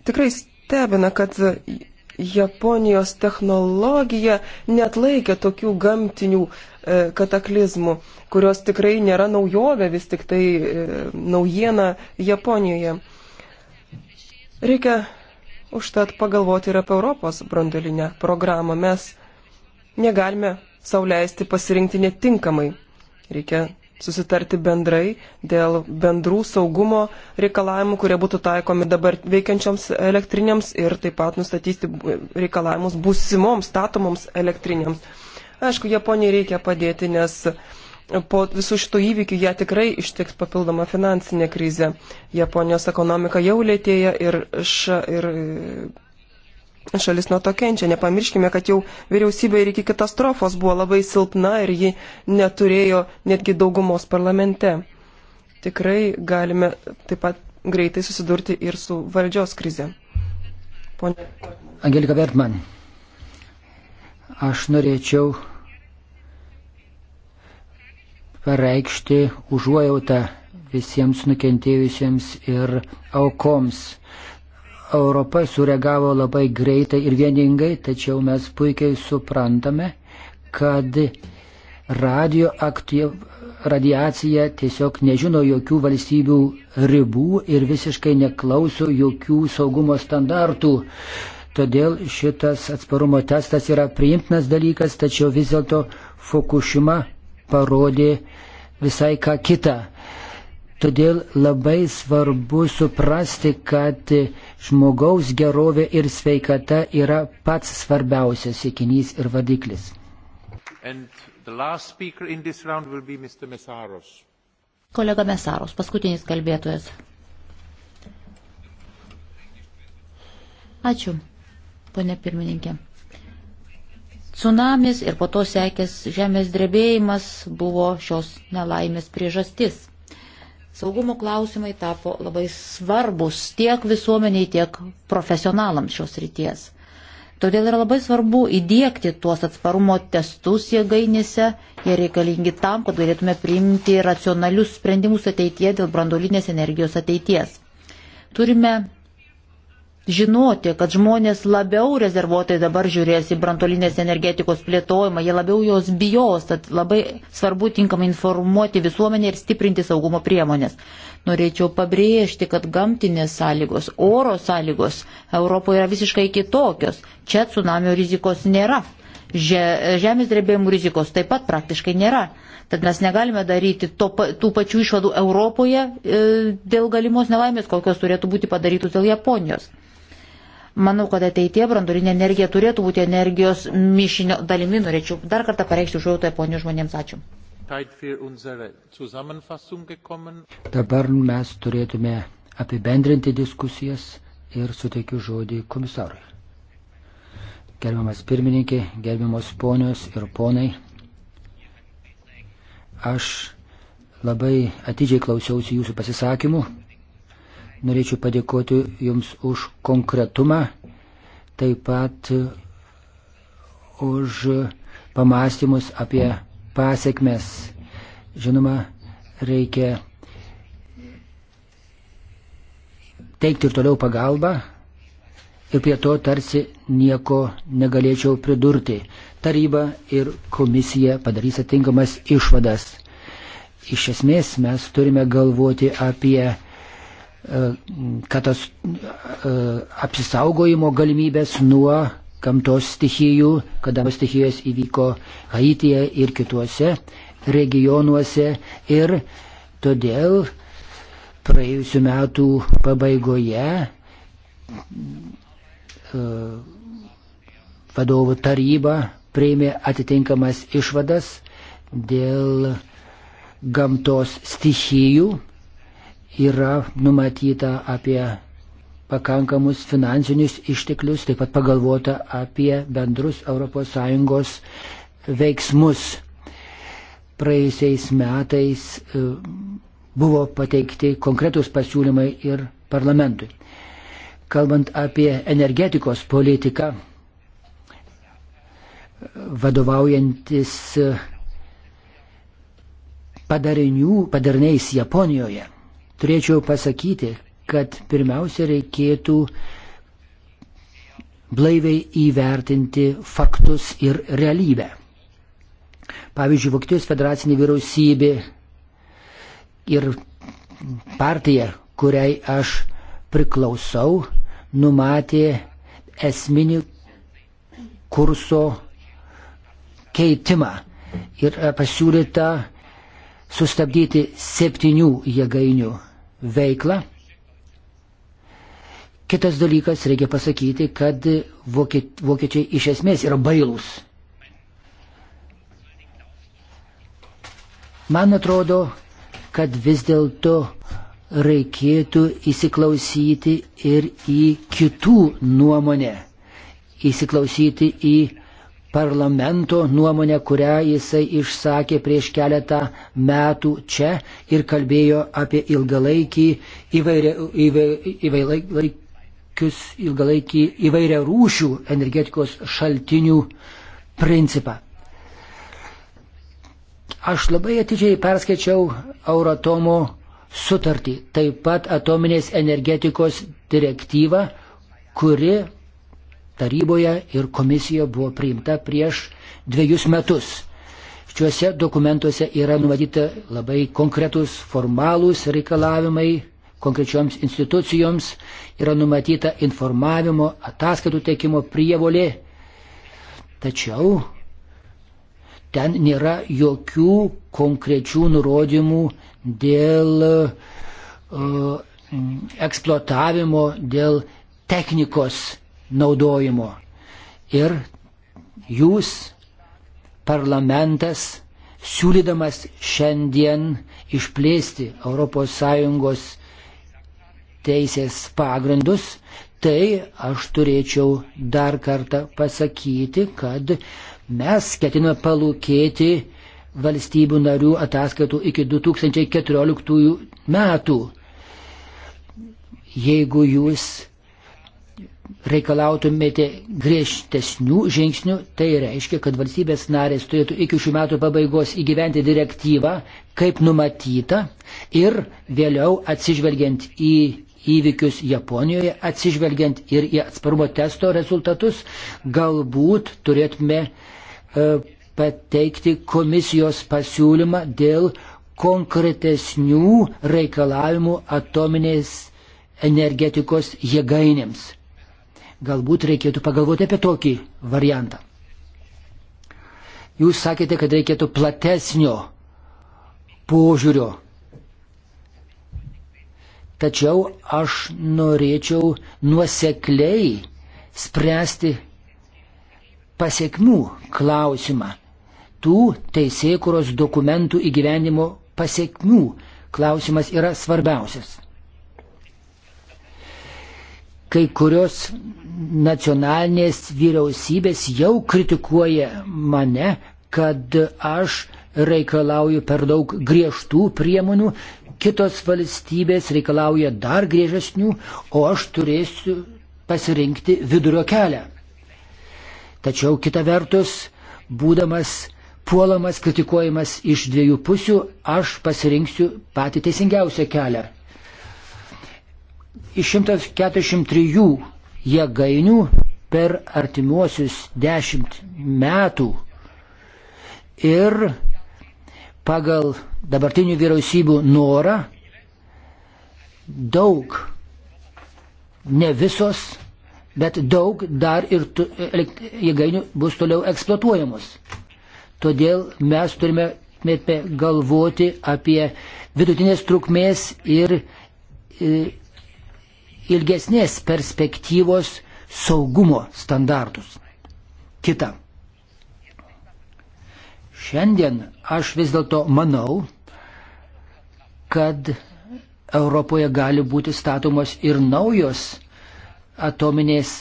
Tikrai stebina, kad Japonijos technologija net laikė tokių gamtinių e, kataklizmų, kurios tikrai nėra naujovė, vis tik tai naujiena Japonijoje. Reikia užtat pagalvoti ir apie Europos brandulinę programą. Mes negalime sauliaisti pasirinkti netinkamai. Reikia susitarti bendrai dėl bendrų saugumo reikalavimų, kurie būtų taikomi dabar veikiančioms elektrinėms ir taip pat nustatyti reikalavimus būsimoms statomoms elektrinėms. Aišku, Japonijai reikia padėti, nes po visų šitų įvykių ją tikrai ištiks papildoma finansinė krizė. Japonijos ekonomika jau lėtėja ir, ša, ir šalis nuo to kenčia. Nepamirškime, kad jau vyriausybė ir iki katastrofos buvo labai silpna ir ji neturėjo netgi daugumos parlamente. Tikrai galime taip pat greitai susidurti ir su valdžios krize. Pone. Angelika Vertman, aš norėčiau pareikšti užuojautą visiems nukentėjusiems ir aukoms. Europa sureagavo labai greitai ir vieningai, tačiau mes puikiai suprantame, kad radioaktyv, radiacija tiesiog nežino jokių valstybių ribų ir visiškai neklauso jokių saugumo standartų. Todėl šitas atsparumo testas yra priimtinas dalykas, tačiau vis dėlto Fukushima parodė visai ką kitą Todėl labai svarbu suprasti, kad žmogaus gerovė ir sveikata yra pats svarbiausias siekinys ir vadiklis. Mesaros. Kolega Mesaros, paskutinis kalbėtojas. Ačiū, ponė pirmininkė. Tsunamis ir po to sekęs žemės drebėjimas buvo šios nelaimės priežastis. Saugumo klausimai tapo labai svarbus tiek visuomeniai, tiek profesionalams šios ryties. Todėl yra labai svarbu įdėkti tuos atsparumo testus jėgainėse, jie reikalingi tam, kad galėtume priimti racionalius sprendimus ateitie dėl brandolinės energijos ateities. Turime žinoti, kad žmonės labiau rezervuotai dabar žiūrės į brantolinės energetikos plėtojimą, jie labiau jos bijos, tad labai svarbu tinkamai informuoti visuomenę ir stiprinti saugumo priemonės. Norėčiau pabrėžti, kad gamtinės sąlygos, oro sąlygos Europoje yra visiškai kitokios. Čia tsunamio rizikos nėra. Žemės drebėjimų rizikos taip pat praktiškai nėra. Tad mes negalime daryti to, tų pačių išvadų Europoje e, dėl galimos nelaimės, kokios turėtų būti padarytos dėl Japonijos. Manau, kad ateitie brandurinė energija turėtų būti energijos mišinio dalimi. Norėčiau dar kartą pareikšti užuotą Japonijos žmonėms. Ačiū. Dabar mes turėtume apibendrinti diskusijas ir suteikiu žodį komisarui. Gerbiamas pirmininkė, gerbiamos ponios ir ponai, aš labai atidžiai klausiausi jūsų pasisakymų. Norėčiau padėkoti Jums už konkretumą, taip pat e, už pamastymus apie pasiekmes. Žinoma, reikia teikti ir toliau pagalbą ir prie to tarsi nieko negalėčiau pridurti. Taryba ir komisija padarys atinkamas išvadas. Iš esmės mes turime galvoti apie E, katas, e, apsisaugojimo galimybės nuo gamtos stichijų, kada stichijos įvyko Haityje ir kituose regionuose ir todėl praėjusiu metu pabaigoje e, vadovų taryba prieimė atitinkamas išvadas dėl gamtos stichijų yra numatyta apie pakankamus finansinius išteklius, taip pat pagalvota apie bendrus ES veiksmus. Praėjusiais metais e, buvo pateikti konkretus pasiūlymai ir parlamentui. Kalbant apie energetikos politiką, vadovaujantis e, padarinių, padariniais Japonijoje turėčiau pasakyti, kad pirmiausia reikėtų blaiviai įvertinti faktus ir realybę. Pavyzdžiui, Vokietijos federacinė vyriausybė ir partija, kuriai aš priklausau, numatė esminį kurso keitimą ir e, pasiūlyta sustabdyti septynių jėgainių veiklą. Kitas dalykas, reikia pasakyti, kad vokiečiai iš esmės yra bailūs. Man atrodo, kad vis dėlto reikėtų įsiklausyti ir į kitų nuomonę, įsiklausyti į parlamento nuomonę, kurią jisai išsakė prieš keletą metų čia ir kalbėjo apie ilgalaikį įvairia, įvairialaikius, ilgalaikį įvairia rūšių energetikos šaltinių principą. Aš labai atidžiai perskaičiau Euratomo sutartį, taip pat atominės energetikos direktyvą, kuri taryboje ir komisijoje buvo priimta prieš dviejus metus. Šiuose dokumentuose yra numatyta labai konkretus formalūs reikalavimai konkrečioms institucijoms, yra numatyta informavimo ataskaitų teikimo prievolė, tačiau ten nėra jokių konkrečių nurodymų dėl uh, eksploatavimo, dėl technikos naudojimo. Ir jūs, parlamentas, siūlydamas šiandien išplėsti ES teisės pagrindus, tai aš turėčiau dar kartą pasakyti, kad mes ketiname palūkėti valstybių narių ataskaitų iki 2014 metų. Jeigu jūs reikalautumėte griežtesnių žingsnių, tai reiškia, kad valstybės narės turėtų iki šių metų pabaigos įgyventi direktyvą, kaip numatyta, ir vėliau atsižvelgiant į įvykius Japonijoje, atsižvelgiant ir į atsparumo testo rezultatus, galbūt turėtume e, pateikti komisijos pasiūlymą dėl konkretesnių reikalavimų atominės energetikos jėgainėms. Galbūt reikėtų pagalvoti apie tokį variantą. Jūs sakėte, kad reikėtų platesnio požiūrio. Tačiau aš norėčiau nuosekliai spręsti pasiekmių klausimą, tų teisėkuros dokumentų įgyvenimo pasiekmių klausimas yra svarbiausias kai kurios nacionalinės vyriausybės jau kritikuoja mane, kad aš reikalauju per daug griežtų priemonių, kitos valstybės reikalauja dar griežesnių, o aš turėsiu pasirinkti vidurio kelią. Tačiau kita vertus, būdamas puolamas, kritikuojamas iš dviejų pusių, aš pasirinksiu patį teisingiausią kelią. Iš 143 jėgainių per artimuosius 10 metų ir pagal dabartinių vyriausybių norą daug, ne visos, bet daug dar ir tu, jėgainių bus toliau eksploatuojamos. Todėl mes turime galvoti apie vidutinės trukmės ir, ir ilgesnės perspektyvos saugumo standartus. Kita. Šiandien aš vis dėlto manau, kad Europoje gali būti statomos ir naujos atominės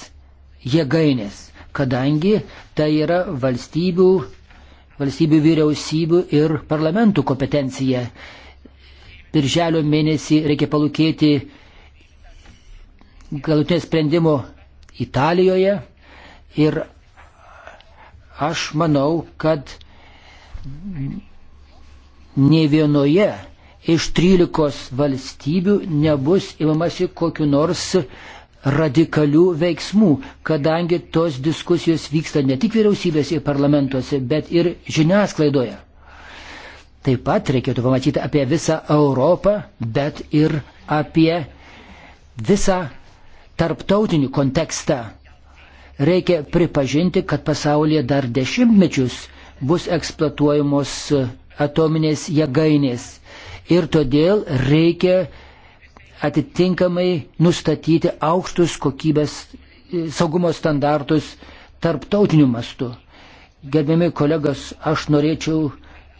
jėgainės, kadangi tai yra valstybių, valstybių vyriausybių ir parlamentų kompetencija. Birželio mėnesį reikia palūkėti galutinio sprendimo Italijoje ir aš manau, kad ne vienoje iš 13 valstybių nebus imamasi kokiu nors radikalių veiksmų, kadangi tos diskusijos vyksta ne tik vyriausybėse ir parlamentuose, bet ir žiniasklaidoje. Taip pat reikėtų pamatyti apie visą Europą, bet ir apie visą tarptautinį kontekstą, reikia pripažinti, kad pasaulyje dar dešimtmečius bus eksploatuojamos atominės jėgainės. Ir todėl reikia atitinkamai nustatyti aukštus kokybės e, saugumo standartus tarptautiniu mastu. Gerbiami kolegos, aš norėčiau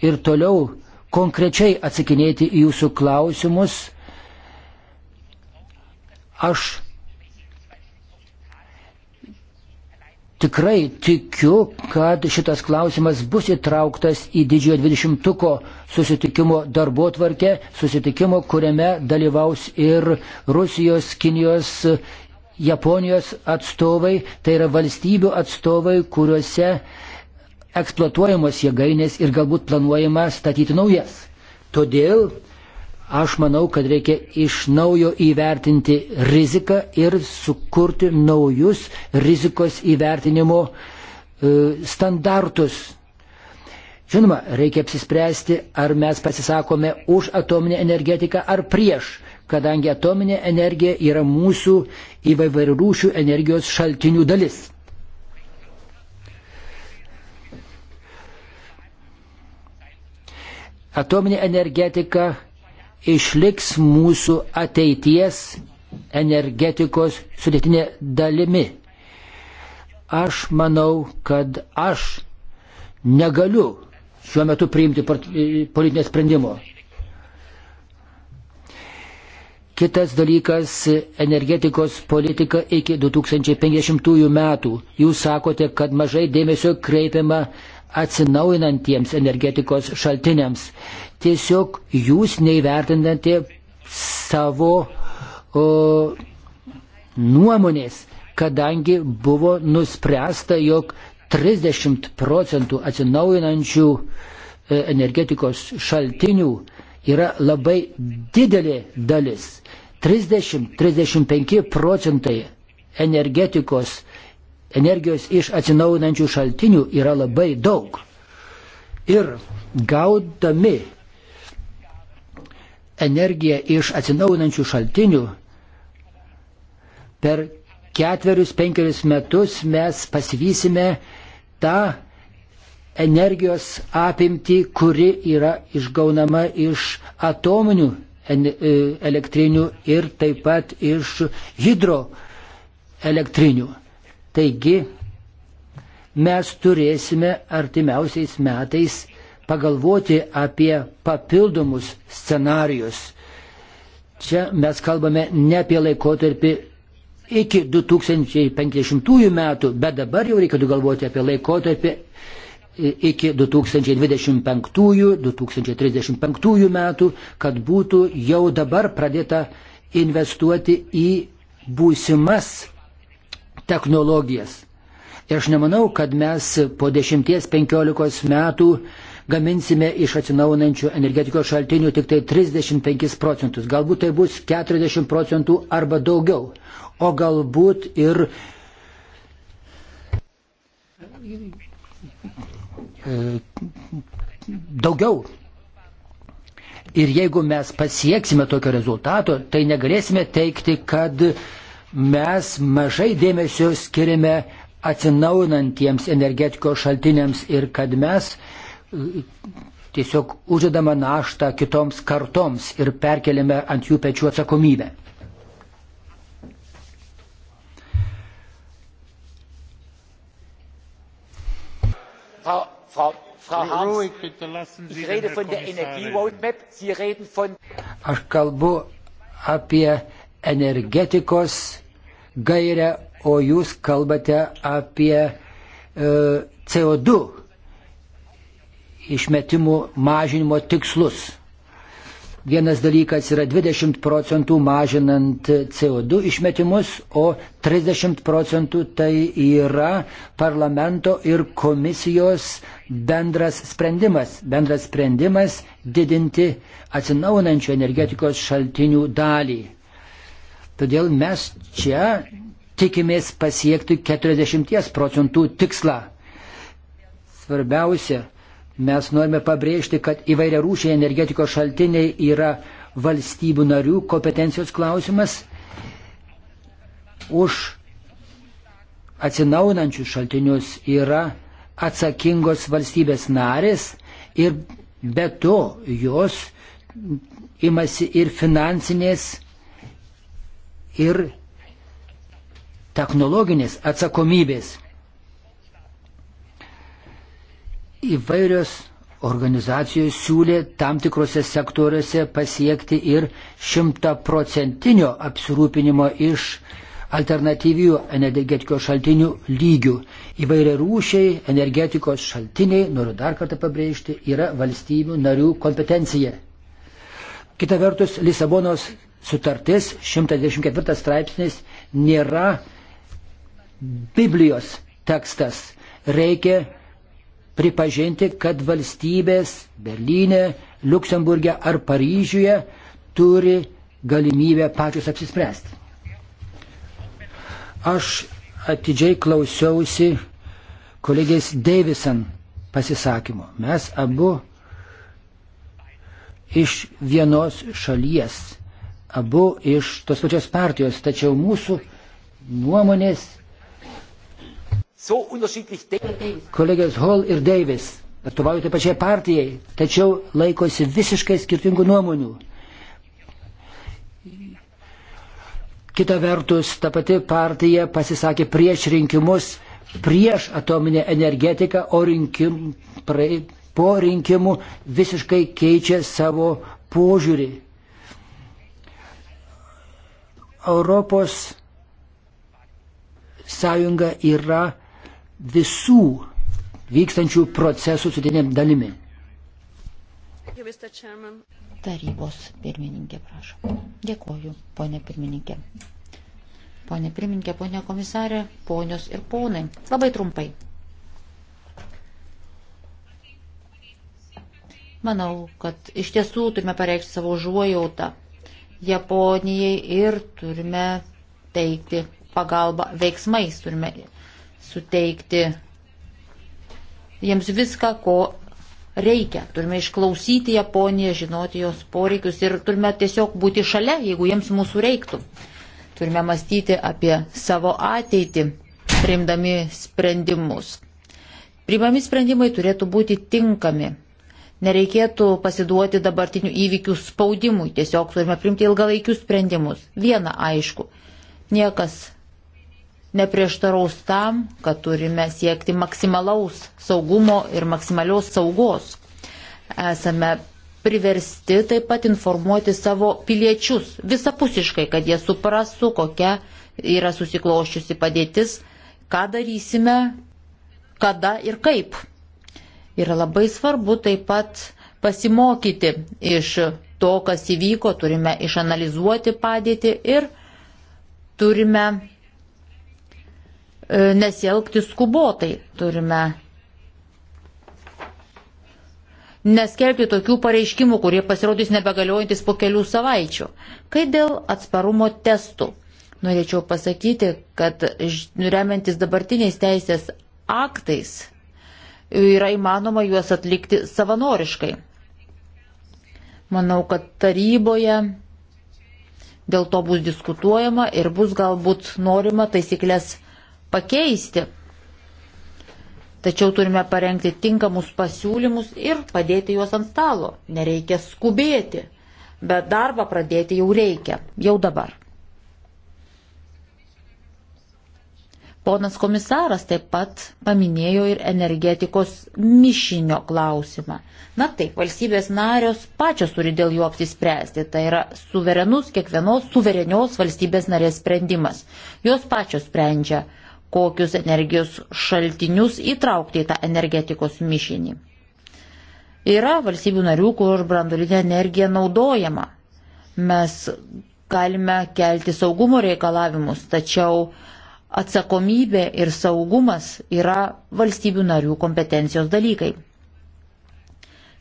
ir toliau konkrečiai atsakinėti į jūsų klausimus. Aš tikrai tikiu, kad šitas klausimas bus įtrauktas į didžiojo dvidešimtuko susitikimo darbo tvarkę, susitikimo, kuriame dalyvaus ir Rusijos, Kinijos, Japonijos atstovai, tai yra valstybių atstovai, kuriuose eksploatuojamos jėgainės ir galbūt planuojama statyti naujas. Todėl Aš manau, kad reikia iš naujo įvertinti riziką ir sukurti naujus rizikos įvertinimo e, standartus. Žinoma, reikia apsispręsti, ar mes pasisakome už atominę energetiką ar prieš, kadangi atominė energija yra mūsų įvairių rūšių energijos šaltinių dalis. Atominė energetika išliks mūsų ateities energetikos sudėtinė dalimi. Aš manau, kad aš negaliu šiuo metu priimti politinio sprendimo. Kitas dalykas - energetikos politika iki 2050 metų. Jūs sakote, kad mažai dėmesio kreipiama atsinaujinantiems energetikos šaltiniams tiesiog jūs neįvertinate savo o, nuomonės, kadangi buvo nuspręsta, jog 30 procentų atsinaujinančių e, energetikos šaltinių yra labai didelė dalis. 30-35 procentai energetikos, energijos iš atsinaujinančių šaltinių yra labai daug. Ir gaudami energiją iš atsinaujinančių šaltinių, per ketverius, penkerius metus mes pasivysime tą energijos apimtį, kuri yra išgaunama iš atominių e, elektrinių ir taip pat iš hidroelektrinių. Taigi mes turėsime artimiausiais metais pagalvoti apie papildomus scenarius. Čia mes kalbame ne apie laikotarpį iki 2050 metų, bet dabar jau reikėtų galvoti apie laikotarpį iki 2025-2035 metų, kad būtų jau dabar pradėta investuoti į būsimas technologijas. Ir aš nemanau, kad mes po 10-15 metų gaminsime iš atsinaunančių energetikos šaltinių tik tai 35 procentus. Galbūt tai bus 40 procentų arba daugiau. O galbūt ir. E, daugiau. Ir jeigu mes pasieksime tokio rezultato, tai negalėsime teikti, kad mes mažai dėmesio skiriame atsinaunantiems energetikos šaltiniams ir kad mes uh, tiesiog uždedama naštą kitoms kartoms ir perkeliame ant jų pečių atsakomybę. Frau, Frau, Frau Harms, ich rede von der Energieroadmap, Sie reden von. Aš kalbu apie energetikos gairę, o jūs kalbate apie uh, e, CO2 išmetimų mažinimo tikslus. Vienas dalykas yra 20 procentų mažinant CO2 išmetimus, o 30 procentų tai yra parlamento ir komisijos bendras sprendimas. Bendras sprendimas didinti atsinaunančių energetikos šaltinių dalį. Todėl mes čia tikimės pasiekti 40 procentų tikslą. Svarbiausia Mes norime pabrėžti, kad įvairia rūšiai energetikos šaltiniai yra valstybių narių kompetencijos klausimas. Už atsinaunančius šaltinius yra atsakingos valstybės narės ir be to jos imasi ir finansinės, ir technologinės atsakomybės. įvairios organizacijos siūlė tam tikrose sektoriuose pasiekti ir šimtaprocentinio apsirūpinimo iš alternatyvių energetikos šaltinių lygių. Įvairia rūšiai energetikos šaltiniai, noriu dar kartą pabrėžti, yra valstybių narių kompetencija. Kita vertus, Lisabonos sutartis 124 straipsnis nėra Biblijos tekstas. Reikia pripažinti, kad valstybės Berlyne, Luksemburgė ar Paryžiuje turi galimybę pačius apsispręsti. Aš atidžiai klausiausi kolegės Davison pasisakymo. Mes abu iš vienos šalies, abu iš tos pačios partijos, tačiau mūsų nuomonės so unterschiedlich denken. Kolegės Hall ir Davis atstovaujate tai pačiai partijai, tačiau laikosi visiškai skirtingų nuomonių. Kita vertus, ta pati partija pasisakė prieš rinkimus, prieš atominę energetiką, o rinkim, prae, po rinkimų visiškai keičia savo požiūrį. Europos sąjunga yra visų vykstančių procesų sudėtinėm dalimi. Tarybos pirmininkė, prašau. Dėkoju, ponė pirmininkė. Pone pirmininkė, ponė komisarė, ponios ir ponai. Labai trumpai. Manau, kad iš tiesų turime pareikšti savo užuojautą Japonijai ir turime teikti pagalbą veiksmais, turime suteikti jiems viską, ko reikia. Turime išklausyti Japoniją, žinoti jos poreikius ir turime tiesiog būti šalia, jeigu jiems mūsų reiktų. Turime mąstyti apie savo ateitį, priimdami sprendimus. Priimami sprendimai turėtų būti tinkami. Nereikėtų pasiduoti dabartinių įvykių spaudimui, tiesiog turime priimti ilgalaikius sprendimus. Viena aišku, niekas neprieštaraus tam, kad turime siekti maksimalaus saugumo ir maksimalios saugos. Esame priversti taip pat informuoti savo piliečius visapusiškai, kad jie suprastų, kokia yra susikloščiusi padėtis, ką darysime, kada ir kaip. Yra labai svarbu taip pat pasimokyti iš to, kas įvyko, turime išanalizuoti padėtį ir turime E, nesielgti skubotai. Turime neskelbti tokių pareiškimų, kurie pasirodys nebegaliojantis po kelių savaičių. Kai dėl atsparumo testų. Norėčiau pasakyti, kad remiantis dabartiniais teisės aktais yra įmanoma juos atlikti savanoriškai. Manau, kad taryboje dėl to bus diskutuojama ir bus galbūt norima taisyklės pakeisti. Tačiau turime parengti tinkamus pasiūlymus ir padėti juos ant stalo. Nereikia skubėti, bet darbą pradėti jau reikia, jau dabar. Ponas komisaras taip pat paminėjo ir energetikos mišinio klausimą. Na taip, valstybės narios pačios turi dėl jų apsispręsti. Tai yra suverenus kiekvienos suverenios valstybės narės sprendimas. Jos pačios sprendžia, kokius energijos šaltinius įtraukti į tą energetikos mišinį. Yra valstybių narių, kur brandulinė energija naudojama. Mes galime kelti saugumo reikalavimus, tačiau atsakomybė ir saugumas yra valstybių narių kompetencijos dalykai.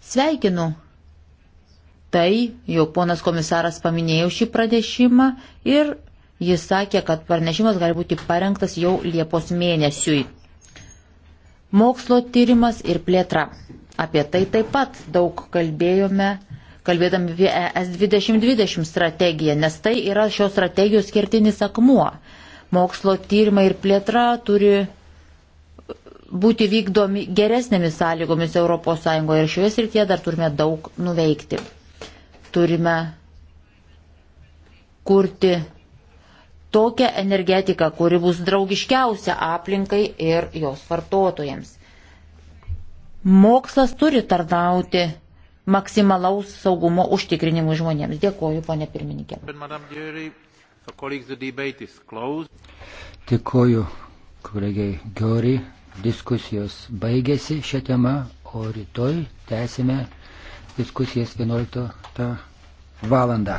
Sveikinu tai, jog ponas komisaras paminėjo šį pranešimą ir Jis sakė, kad pranešimas gali būti parengtas jau Liepos mėnesiui. Mokslo tyrimas ir plėtra. Apie tai taip pat daug kalbėjome, kalbėdami apie ES 2020 strategiją, nes tai yra šios strategijos skirtinis akmuo. Mokslo tyrimai ir plėtra turi būti vykdomi geresnėmis sąlygomis ES ir šioje srityje dar turime daug nuveikti. Turime kurti tokią energetiką, kuri bus draugiškiausia aplinkai ir jos vartotojams. Mokslas turi tarnauti maksimalaus saugumo užtikrinimui žmonėms. Dėkoju, ponė pirmininkė. Dėkoju kolegiai Giori. Diskusijos baigėsi šią temą, o rytoj tęsime diskusijas 11 valandą.